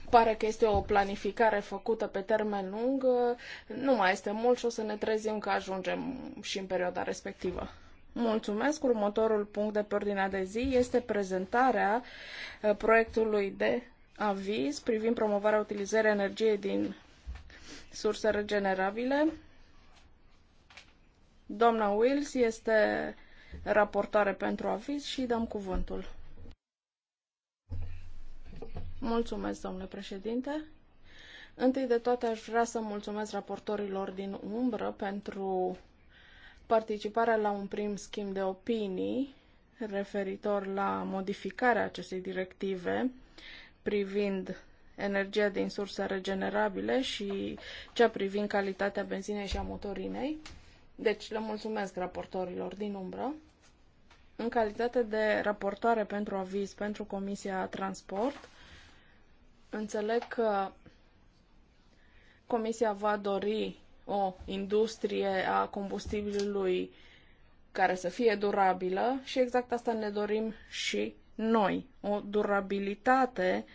pare că este o planificare făcută pe termen lung, nu mai este mult și o să ne trezim că ajungem și în perioada respectivă. Mulțumesc. Următorul punct de pe ordinea de zi este prezentarea uh, proiectului de aviz privind promovarea utilizării energiei din surse regenerabile. Doamna Wills este raportoare pentru aviz și dăm cuvântul. Mulțumesc, domnule președinte. Întâi de toate aș vrea să mulțumesc raportorilor din umbră pentru participarea la un prim schimb de opinii referitor la modificarea acestei directive privind energia din surse regenerabile și cea privind calitatea benzinei și a motorinei. Deci le mulțumesc raportorilor din umbră. În calitate de raportoare pentru aviz pentru Comisia Transport, înțeleg că Comisia va dori o industrie a combustibilului care să fie durabilă și exact asta ne dorim și noi, o durabilitate uh,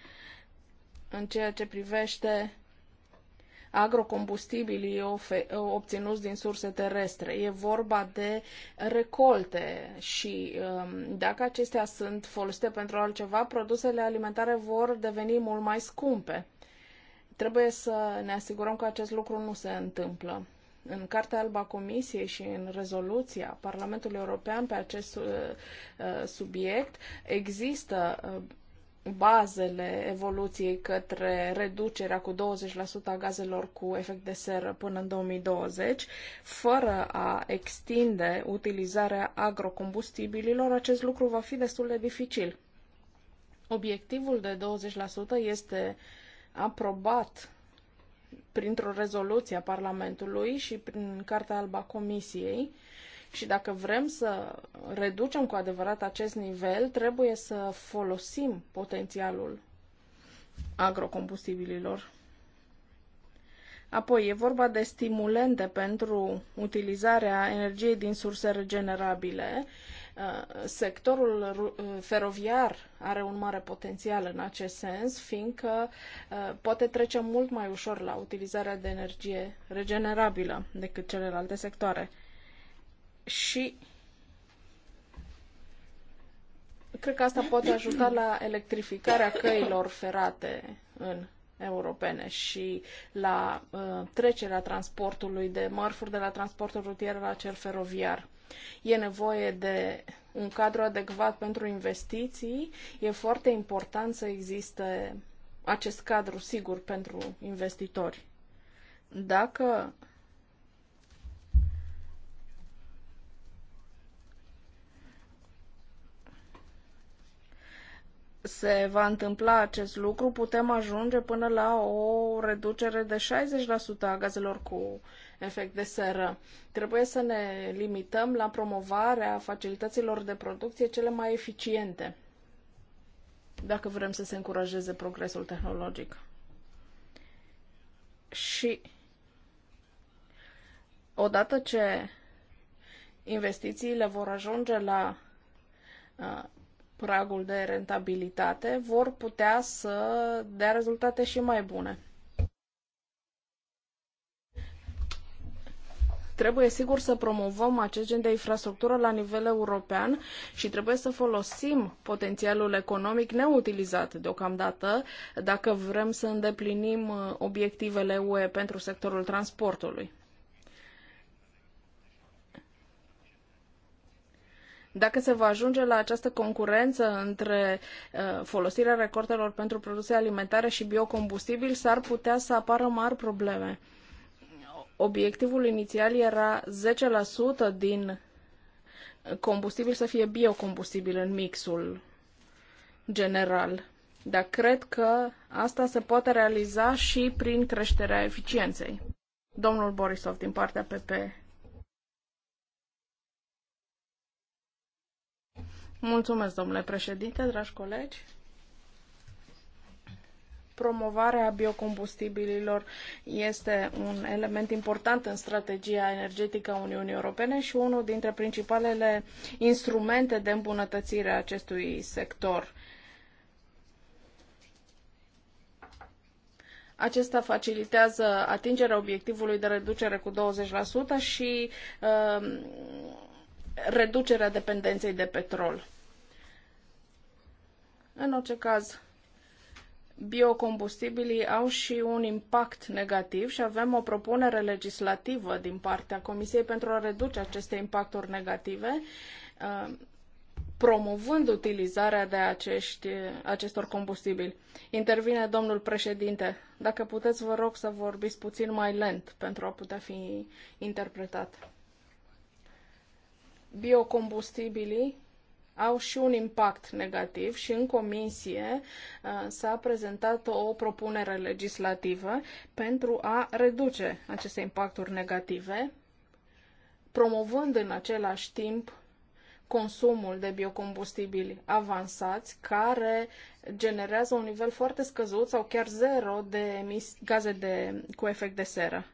în ceea ce privește agrocombustibilii obținuți din surse terestre. E vorba de recolte și um, dacă acestea sunt folosite pentru altceva, produsele alimentare vor deveni mult mai scumpe. Trebuie să ne asigurăm că acest lucru nu se întâmplă. În Cartea Albă a Comisiei și în rezoluția Parlamentului European pe acest uh, uh, subiect există uh, bazele evoluției către reducerea cu 20% a gazelor cu efect de seră până în 2020, fără a extinde utilizarea agrocombustibililor, acest lucru va fi destul de dificil. Obiectivul de 20% este aprobat printr-o rezoluție a Parlamentului și prin Cartea Alba Comisiei, și dacă vrem să reducem cu adevărat acest nivel, trebuie să folosim potențialul agrocombustibililor. Apoi, e vorba de stimulente pentru utilizarea energiei din surse regenerabile. Uh, sectorul uh, feroviar are un mare potențial în acest sens, fiindcă uh, poate trece mult mai ușor la utilizarea de energie regenerabilă decât celelalte sectoare și cred că asta poate ajuta la electrificarea căilor ferate în europene și la uh, trecerea transportului de mărfuri de la transportul rutier la cel feroviar. E nevoie de un cadru adecvat pentru investiții. E foarte important să existe acest cadru sigur pentru investitori. Dacă se va întâmpla acest lucru, putem ajunge până la o reducere de 60% a gazelor cu efect de seră. Trebuie să ne limităm la promovarea facilităților de producție cele mai eficiente, dacă vrem să se încurajeze progresul tehnologic. Și odată ce investițiile vor ajunge la uh, pragul de rentabilitate, vor putea să dea rezultate și mai bune. Trebuie sigur să promovăm acest gen de infrastructură la nivel european și trebuie să folosim potențialul economic neutilizat deocamdată dacă vrem să îndeplinim uh, obiectivele UE pentru sectorul transportului. Dacă se va ajunge la această concurență între uh, folosirea recortelor pentru produse alimentare și biocombustibil, s-ar putea să apară mari probleme. Obiectivul inițial era 10% din combustibil să fie biocombustibil în mixul general. Dar cred că asta se poate realiza și prin creșterea eficienței. Domnul Borisov, din partea PP, Mulțumesc, domnule președinte, dragi colegi. Promovarea biocombustibililor este un element important în strategia energetică a Uniunii Europene și unul dintre principalele instrumente de îmbunătățire a acestui sector. Acesta facilitează atingerea obiectivului de reducere cu 20% și uh, reducerea dependenței de petrol. În orice caz, biocombustibilii au și un impact negativ și avem o propunere legislativă din partea Comisiei pentru a reduce aceste impacturi negative, uh, promovând utilizarea de acești, acestor combustibili. Intervine domnul președinte. Dacă puteți, vă rog să vorbiți puțin mai lent pentru a putea fi interpretat biocombustibilii au și un impact negativ și în comisie uh, s-a prezentat o propunere legislativă pentru a reduce aceste impacturi negative, promovând în același timp consumul de biocombustibili avansați care generează un nivel foarte scăzut sau chiar zero de gaze de, cu efect de seră.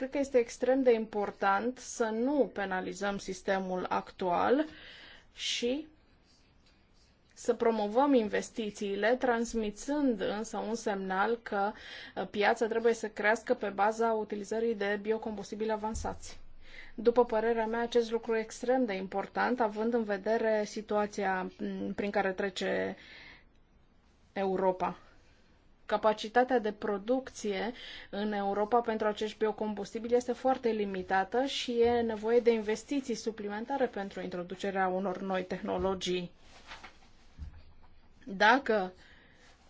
Cred că este extrem de important să nu penalizăm sistemul actual și să promovăm investițiile, transmițând însă un semnal că uh, piața trebuie să crească pe baza utilizării de biocombustibili avansați. După părerea mea, acest lucru e extrem de important, având în vedere situația prin care trece Europa capacitatea de producție în Europa pentru acești biocombustibili este foarte limitată și e nevoie de investiții suplimentare pentru introducerea unor noi tehnologii. Dacă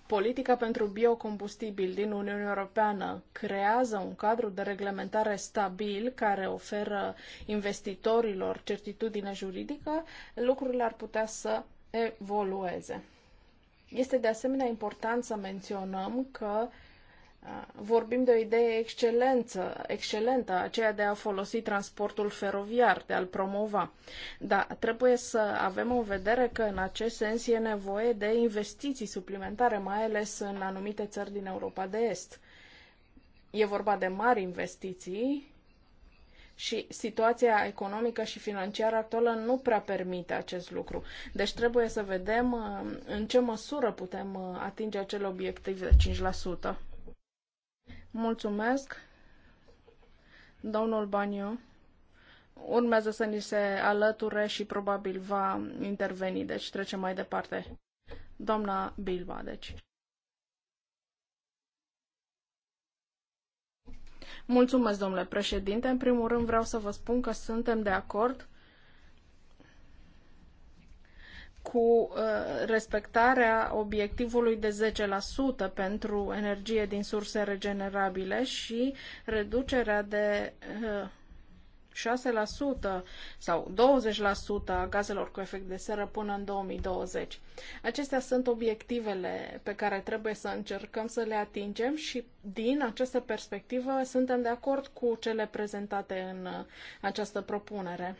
politica pentru biocombustibil din Uniunea Europeană creează un cadru de reglementare stabil care oferă investitorilor certitudine juridică, lucrurile ar putea să evolueze. Este de asemenea important să menționăm că vorbim de o idee excelență, excelentă, aceea de a folosi transportul feroviar, de a-l promova. Dar trebuie să avem în vedere că în acest sens e nevoie de investiții suplimentare, mai ales în anumite țări din Europa de Est. E vorba de mari investiții și situația economică și financiară actuală nu prea permite acest lucru. Deci trebuie să vedem uh, în ce măsură putem uh, atinge acel obiectiv de 5%. Mulțumesc. Domnul Baniu urmează să ni se alăture și probabil va interveni, deci trecem mai departe. Doamna Bilba, deci. Mulțumesc, domnule președinte. În primul rând vreau să vă spun că suntem de acord cu uh, respectarea obiectivului de 10% pentru energie din surse regenerabile și reducerea de uh, 6% sau 20% a gazelor cu efect de seră până în 2020. Acestea sunt obiectivele pe care trebuie să încercăm să le atingem și din această perspectivă suntem de acord cu cele prezentate în această propunere.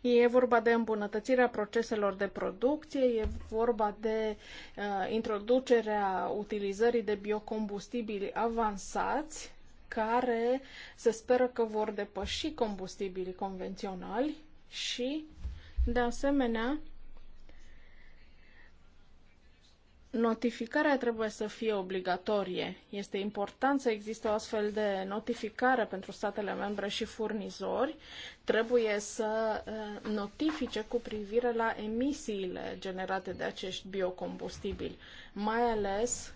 E vorba de îmbunătățirea proceselor de producție, e vorba de uh, introducerea utilizării de biocombustibili avansați care se speră că vor depăși combustibilii convenționali și, de asemenea, Notificarea trebuie să fie obligatorie. Este important să existe o astfel de notificare pentru statele membre și furnizori. Trebuie să eh, notifice cu privire la emisiile generate de acești biocombustibili, mai ales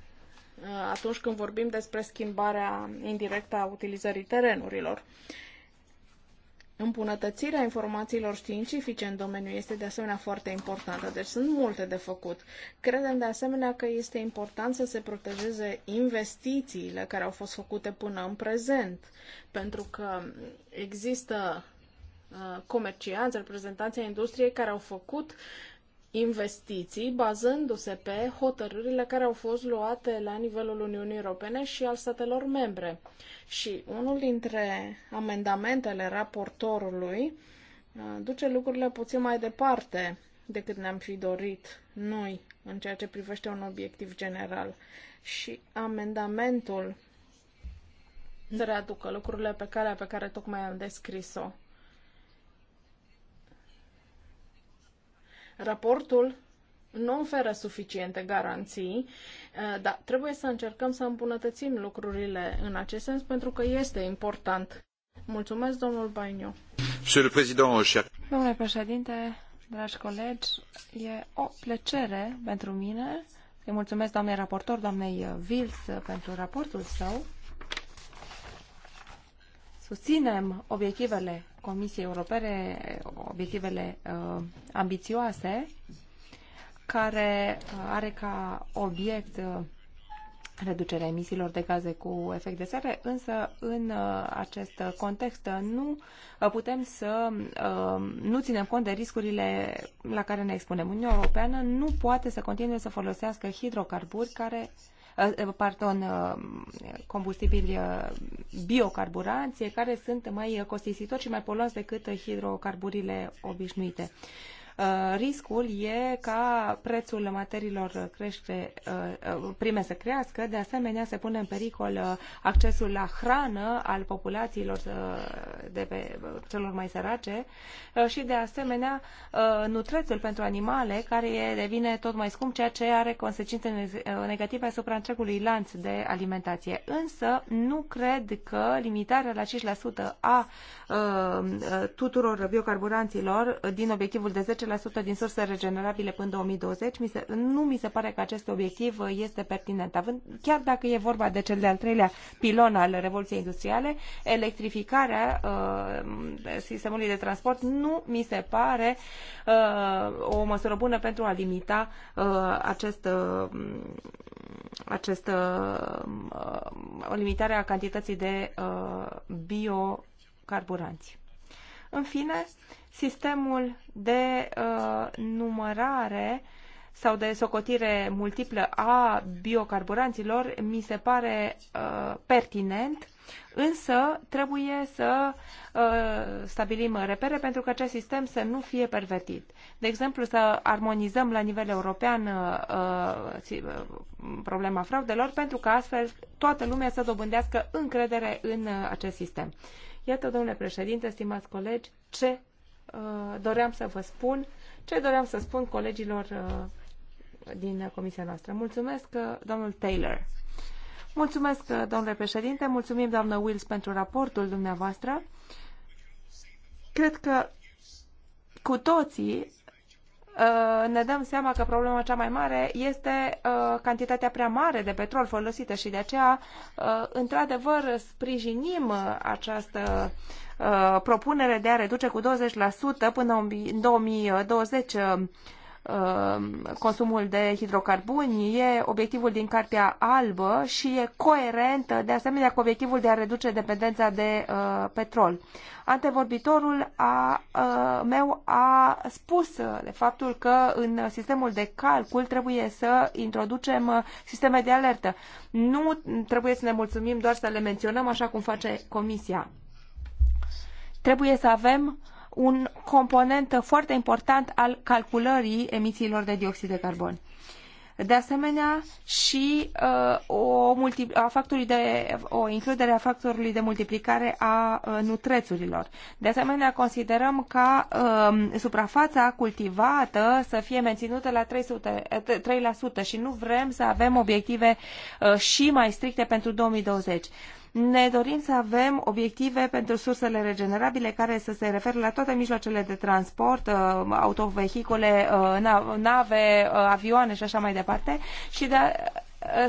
Uh, atunci când vorbim despre schimbarea indirectă a utilizării terenurilor. Îmbunătățirea informațiilor științifice în domeniu este de asemenea foarte importantă, deci sunt multe de făcut. Credem de asemenea că este important să se protejeze investițiile care au fost făcute până în prezent, pentru că există uh, comercianți, reprezentanții industriei care au făcut investiții, bazându-se pe hotărârile care au fost luate la nivelul Uniunii Europene și al statelor membre. Și unul dintre amendamentele raportorului uh, duce lucrurile puțin mai departe decât ne-am fi dorit noi în ceea ce privește un obiectiv general. Și amendamentul să readucă lucrurile pe calea pe care tocmai am descris-o. Raportul nu oferă suficiente garanții, eh, dar trebuie să încercăm să îmbunătățim lucrurile în acest sens pentru că este important. Mulțumesc, domnul Bainio. Domnule președinte, dragi colegi, e o plăcere pentru mine. Îi mulțumesc doamnei raportor, doamnei Vils, pentru raportul său susținem obiectivele Comisiei Europene, obiectivele uh, ambițioase, care uh, are ca obiect uh, reducerea emisiilor de gaze cu efect de seră, însă în uh, acest context nu putem să nu ținem cont de riscurile la care ne expunem. Uniunea Europeană nu poate să continue să folosească hidrocarburi care uh, Eh, pardon, eh, combustibili eh, biocarburanți, care sunt mai costisitori și mai poluanți decât hidrocarburile obișnuite. Uh, riscul e ca prețul materiilor crește, uh, uh, prime să crească, de asemenea se pune în pericol accesul la hrană al populațiilor de pe celor mai sărace și de asemenea nutrețul pentru animale care devine tot mai scump, ceea ce are consecințe negative asupra întregului lanț de alimentație. Însă nu cred că limitarea la 5% a tuturor biocarburanților din obiectivul de 10 100% din surse regenerabile până 2020, mi se, nu mi se pare că acest obiectiv uh, este pertinent. Având, chiar dacă e vorba de cel de-al treilea pilon al Revoluției Industriale, electrificarea uh, sistemului de transport nu mi se pare uh, o măsură bună pentru a limita uh, acest uh, mm, acest uh, mm, uh a cantității de uh, biocarburanți. În fine, sistemul de uh, numărare sau de socotire multiplă a biocarburanților mi se pare uh, pertinent, însă trebuie să uh, stabilim repere pentru că acest sistem să nu fie pervertit. De exemplu, să armonizăm la nivel european uh, uh problema fraudelor pentru că astfel toată lumea să dobândească încredere în uh, acest sistem. Iată, domnule președinte, stimați colegi, ce uh, doream să vă spun, ce doream să spun colegilor uh, din comisia noastră. Mulțumesc, uh, domnul Taylor. Mulțumesc, uh, domnule președinte, mulțumim, doamnă Wills, pentru raportul dumneavoastră. Cred că cu toții Uh, ne dăm seama că problema cea mai mare este uh, cantitatea prea mare de petrol folosită și de aceea, uh, într-adevăr, sprijinim această propunere de a reduce cu 20% până în 2020 Um, consumul de hidrocarburi e obiectivul din Cartea Albă și e coerent uh, de asemenea cu obiectivul de a reduce dependența de uh, petrol. Antevorbitorul a, uh, meu a spus uh, de faptul că în sistemul de calcul trebuie să introducem uh, sisteme de alertă. Nu trebuie să ne mulțumim doar să le menționăm așa cum face Comisia. Trebuie să avem uh, un component foarte important al calculării emisiilor de dioxid de carbon. De asemenea, și uh, o, multi- a factorului de, o includere a factorului de multiplicare a uh, nutrețurilor. De asemenea, considerăm ca uh, suprafața cultivată să fie menținută la 300, 3% și nu vrem să avem obiective uh, și mai stricte pentru 2020. Ne dorim să avem obiective pentru sursele regenerabile care să se referă la toate mijloacele de transport, uh, autovehicule, uh, nave, uh, avioane și așa mai departe și de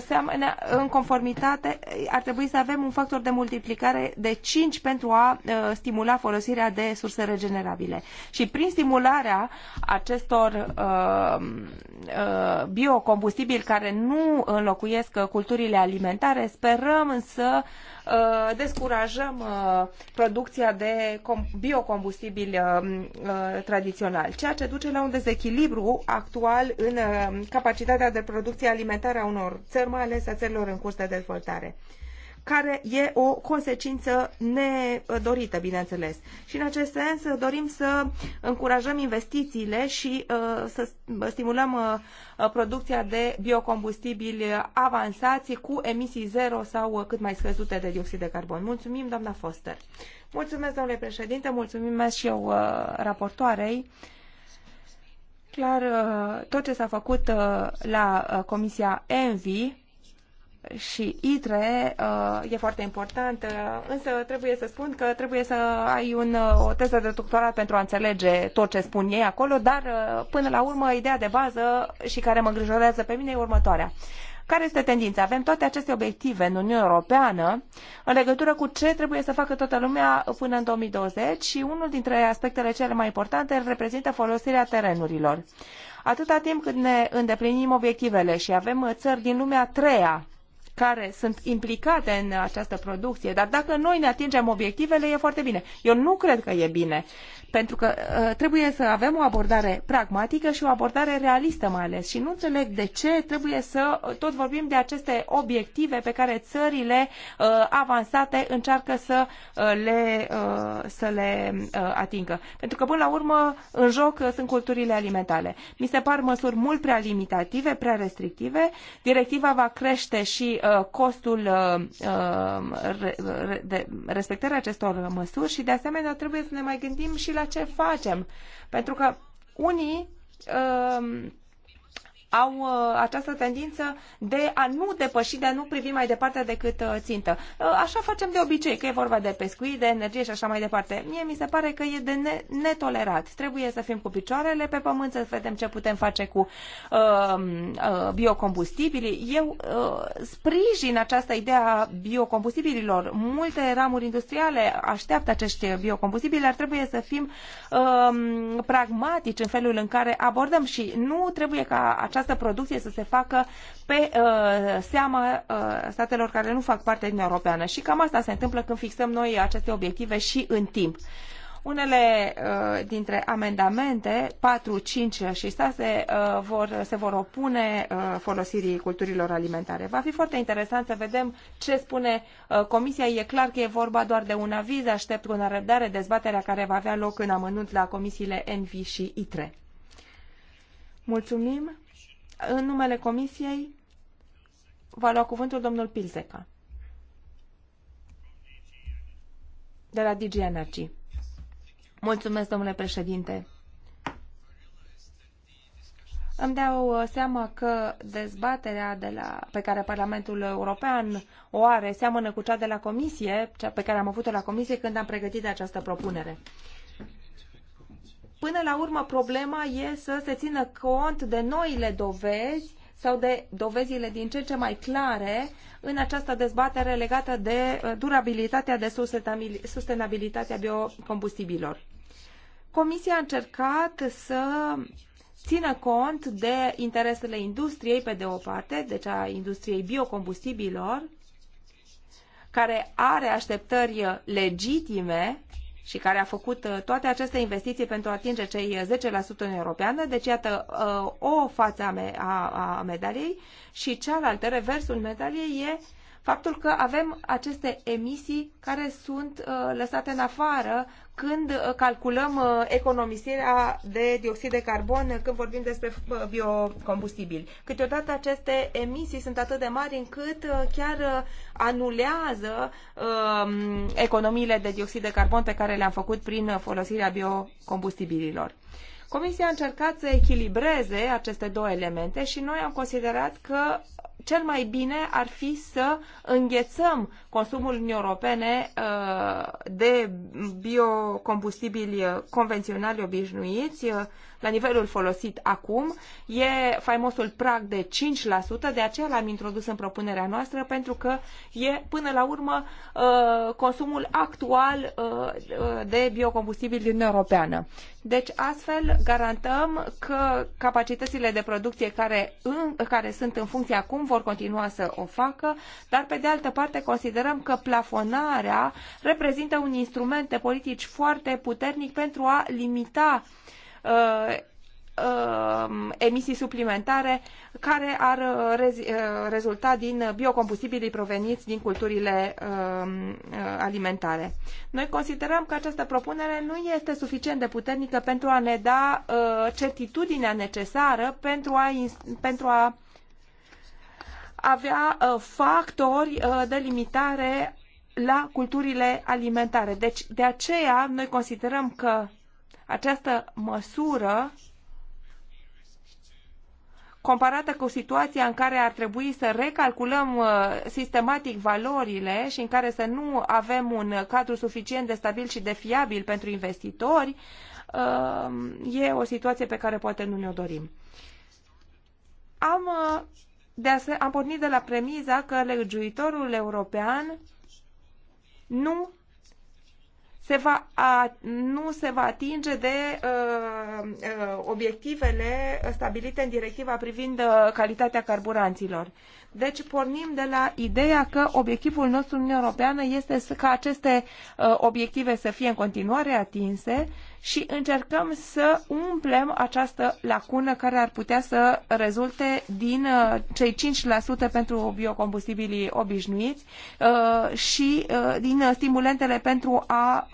seamănă, în conformitate, ar trebui să avem un factor de multiplicare de 5 pentru a uh, stimula folosirea de surse regenerabile. Și prin stimularea acestor uh, uh, biocombustibili care nu înlocuiesc culturile alimentare, sperăm să Uh, descurajăm uh, producția de biocombustibili uh, tradițional, ceea ce duce la un dezechilibru actual în capacitatea de producție alimentară a unor țări, mai ales a țărilor în curs de dezvoltare care e o consecință nedorită, bineînțeles. Și în acest sens dorim să încurajăm investițiile și uh, să stimulăm uh, producția de biocombustibili avansați cu emisii zero sau uh, cât mai scăzute de dioxid de carbon. Mulțumim, doamna Foster. Mulțumesc, domnule președinte, Mulțumim și eu raportoarei. Clar, tot ce s-a făcut la Comisia ENVI și ITRE uh, e foarte important, uh, însă trebuie să spun că trebuie să ai un, uh, o teză de doctorat pentru a înțelege tot ce spun ei acolo, dar până la urmă ideea de bază și care mă îngrijorează pe mine e următoarea. Care este tendința? Avem toate aceste obiective în Uniunea Europeană în legătură cu ce trebuie să facă toată lumea până în 2020 și unul dintre aspectele cele mai importante reprezintă folosirea terenurilor. Atâta timp cât ne îndeplinim obiectivele și avem țări din lumea treia care sunt implicate în această producție, dar dacă noi ne atingem obiectivele, e foarte bine. Eu nu cred că e bine. Pentru că uh, trebuie să avem o abordare pragmatică și o abordare realistă mai ales. Și nu înțeleg de ce trebuie să tot vorbim de aceste obiective pe care țările uh, avansate încearcă să uh, le, să le atingă. Pentru că, până la urmă, în joc sunt culturile alimentare. Mi se par măsuri mult prea limitative, prea restrictive. Directiva va crește și costul respectării acestor măsuri și, de asemenea, trebuie să ne mai gândim și la la ce facem. Pentru că unii uh, au uh, această tendință de a nu depăși, de a nu privi mai departe decât uh, țintă. Uh, așa facem de obicei, că e vorba de pescuit, de energie și așa mai departe. Mie mi se pare că e de ne- netolerat. Trebuie să fim cu picioarele pe pământ, să vedem ce putem face cu uh, uh, biocombustibili. Eu uh, sprijin această idee a biocombustibililor. Multe ramuri industriale așteaptă acești biocombustibili, dar trebuie să fim uh, pragmatici în felul în care abordăm și nu trebuie ca această această producție să se facă pe uh, seama uh, statelor care nu fac parte din Europeană. Și cam asta se întâmplă când fixăm noi aceste obiective și în timp. Unele uh, dintre amendamente, 4, 5 și 6, uh, vor, se vor opune uh, folosirii culturilor alimentare. Va fi foarte interesant să vedem ce spune uh, Comisia. E clar că e vorba doar de un aviz. Aștept cu nerăbdare dezbaterea care va avea loc în amănunt la comisiile ENVI și ITRE. Mulțumim. În numele Comisiei va lua cuvântul domnul Pilzeca de la DG Energy. Mulțumesc, domnule președinte. Îmi dau uh, seama că dezbaterea de la, pe care Parlamentul European o are seamănă cu cea de la Comisie, cea pe care am avut-o la Comisie când am pregătit această propunere. Până la urmă, problema e să se țină cont de noile dovezi sau de dovezile din ce în ce mai clare în această dezbatere legată de uh, durabilitatea de sustenabilitatea biocombustibilor. Comisia a încercat să țină cont de interesele industriei, pe de o parte, deci a industriei biocombustibilor, care are așteptări legitime și care a făcut uh, toate aceste investiții pentru a atinge cei 10% uh, în europeană, deci iată uh, o față a, a, a medaliei și cealaltă, reversul medaliei e faptul că avem aceste emisii care sunt uh, lăsate în afară când uh, calculăm uh, economisirea de dioxid de carbon când vorbim despre biocombustibili. Câteodată aceste emisii sunt atât de mari încât chiar anulează um, economiile de dioxid de carbon pe care le-am făcut prin folosirea biocombustibililor. Comisia a încercat să echilibreze aceste două elemente și noi am considerat că cel mai bine ar fi să înghețăm consumul Uniunii Europene uh, de biocombustibili convenționali obișnuiți uh, la nivelul folosit acum, e faimosul prag de 5%, de aceea l-am introdus în propunerea noastră, pentru că e, până la urmă, uh, consumul actual uh, uh, de biocombustibil din Europeană. Deci, astfel, garantăm că capacitățile de producție care, în, care sunt în funcție acum vor continua să o facă, dar, pe de altă parte, considerăm că plafonarea reprezintă un instrument de politici foarte puternic pentru a limita uh, Uh, uh, emisii suplimentare care ar uh, rezulta din biocombustibilii proveniți din culturile alimentare. Noi considerăm că această propunere nu este suficient de puternică pentru a ne da certitudinea necesară pentru a, pentru a avea factori de limitare la culturile alimentare. Deci, de aceea, noi considerăm că această măsură comparată cu situația în care ar trebui să recalculăm uh, sistematic valorile și în care să nu avem un cadru suficient de stabil și de fiabil pentru investitori, uh, e o situație pe care poate nu ne-o dorim. Am, uh, de ase- am pornit de la premiza că legiuitorul european nu se va a, nu se va atinge de uh, uh, obiectivele stabilite în directiva privind uh, calitatea carburanților. Deci pornim de la ideea că obiectivul nostru în Uniunea Europeană este să, ca aceste uh, obiective să fie în continuare atinse și încercăm să umplem această lacună care ar putea să rezulte din uh, cei 5% pentru biocombustibilii obișnuiți uh, și uh, din stimulentele pentru a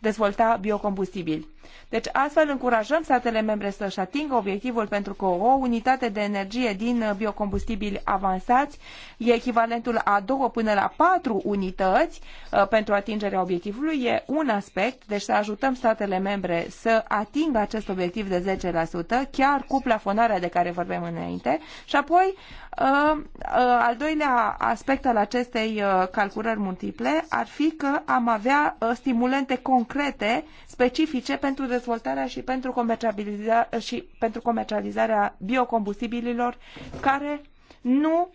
dezvolta biocombustibili. Deci astfel încurajăm statele membre să-și atingă obiectivul pentru că o unitate de energie din biocombustibili avansați e echivalentul a două până la patru unități uh, pentru atingerea obiectivului. E un aspect, deci să ajutăm statele membre să atingă acest obiectiv de 10%, chiar cu plafonarea de care vorbim înainte. Și apoi, uh, uh, al doilea aspect al acestei calculări multiple ar fi că am avea stimulente concrete specifice pentru dezvoltarea și pentru, comercializa și pentru comercializarea biocombustibililor care nu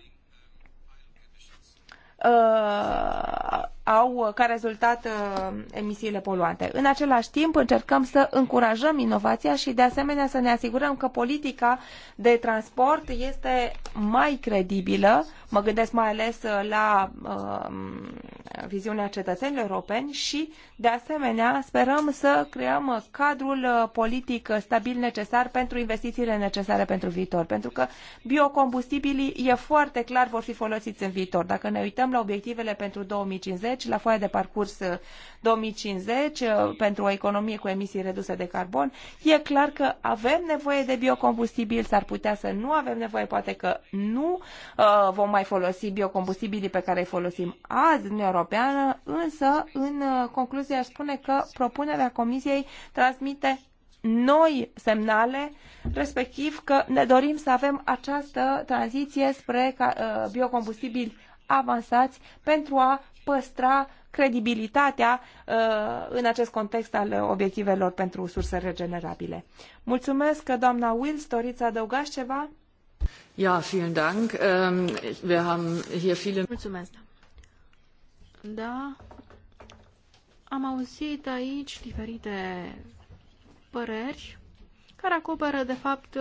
uh, au uh, ca rezultat uh, emisiile poluante. În același timp, încercăm să încurajăm inovația și, de asemenea, să ne asigurăm că politica de transport este mai credibilă, mă gândesc mai ales uh, la uh, viziunea cetățenilor europeni și, de asemenea, sperăm să creăm cadrul politic stabil necesar pentru investițiile necesare pentru viitor, pentru că biocombustibilii, e foarte clar, vor fi folosiți în viitor. Dacă ne uităm la obiectivele pentru 2050, 2030, la foaia de parcurs 2050 uh, uh, pentru o economie cu emisii reduse de carbon, e clar că avem nevoie de biocombustibil, s-ar putea să nu avem nevoie, poate că nu uh, vom mai folosi biocombustibilii pe care îi folosim azi în Europeană, însă în concluzie aș spune că propunerea Comisiei transmite noi semnale, respectiv că ne dorim să avem această tranziție spre biocombustibili avansați pentru a păstra credibilitatea uh, în acest context al obiectivelor pentru surse regenerabile. Mulțumesc, doamna Wills, doriți să adăugați ceva? Ja, vielen Dank. Ähm, wir haben hier viele... Mulțumesc. Da, am auzit aici diferite păreri care acoperă, de fapt,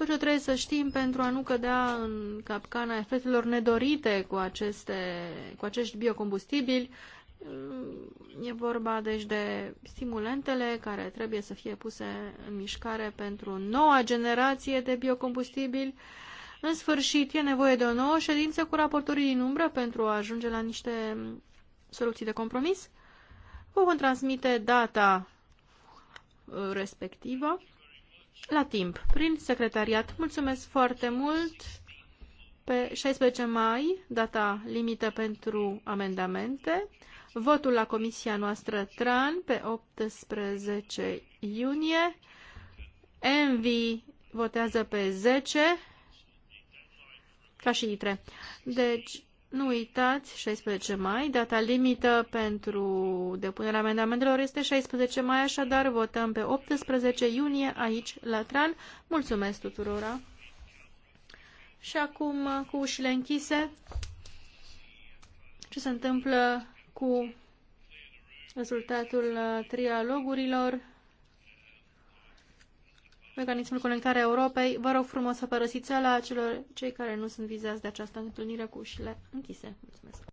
tot ce trebuie să știm pentru a nu cădea în capcana efectelor nedorite cu, aceste, cu acești biocombustibili, mm, E vorba deci de stimulentele care trebuie să fie puse în mișcare pentru noua generație de biocombustibili. În sfârșit, e nevoie de o nouă ședință cu raportorii din umbră pentru a ajunge la niște soluții de compromis. Vă vom transmite data uh, respectivă la timp, prin secretariat. Mulțumesc foarte mult! Pe 16 mai, data limită pentru amendamente, votul la comisia noastră TRAN pe 18 iunie, ENVI votează pe 10, ca și ITRE. Deci, nu uitați, 16 mai, data limită pentru depunerea amendamentelor este 16 mai, așadar votăm pe 18 iunie aici, la Tran. Mulțumesc tuturora! Și acum, cu ușile închise, ce se întâmplă cu rezultatul trialogurilor? mecanismul conectarea Europei. Vă rog frumos să părăsiți la celor cei care nu sunt vizați de această întâlnire cu ușile închise. Mulțumesc!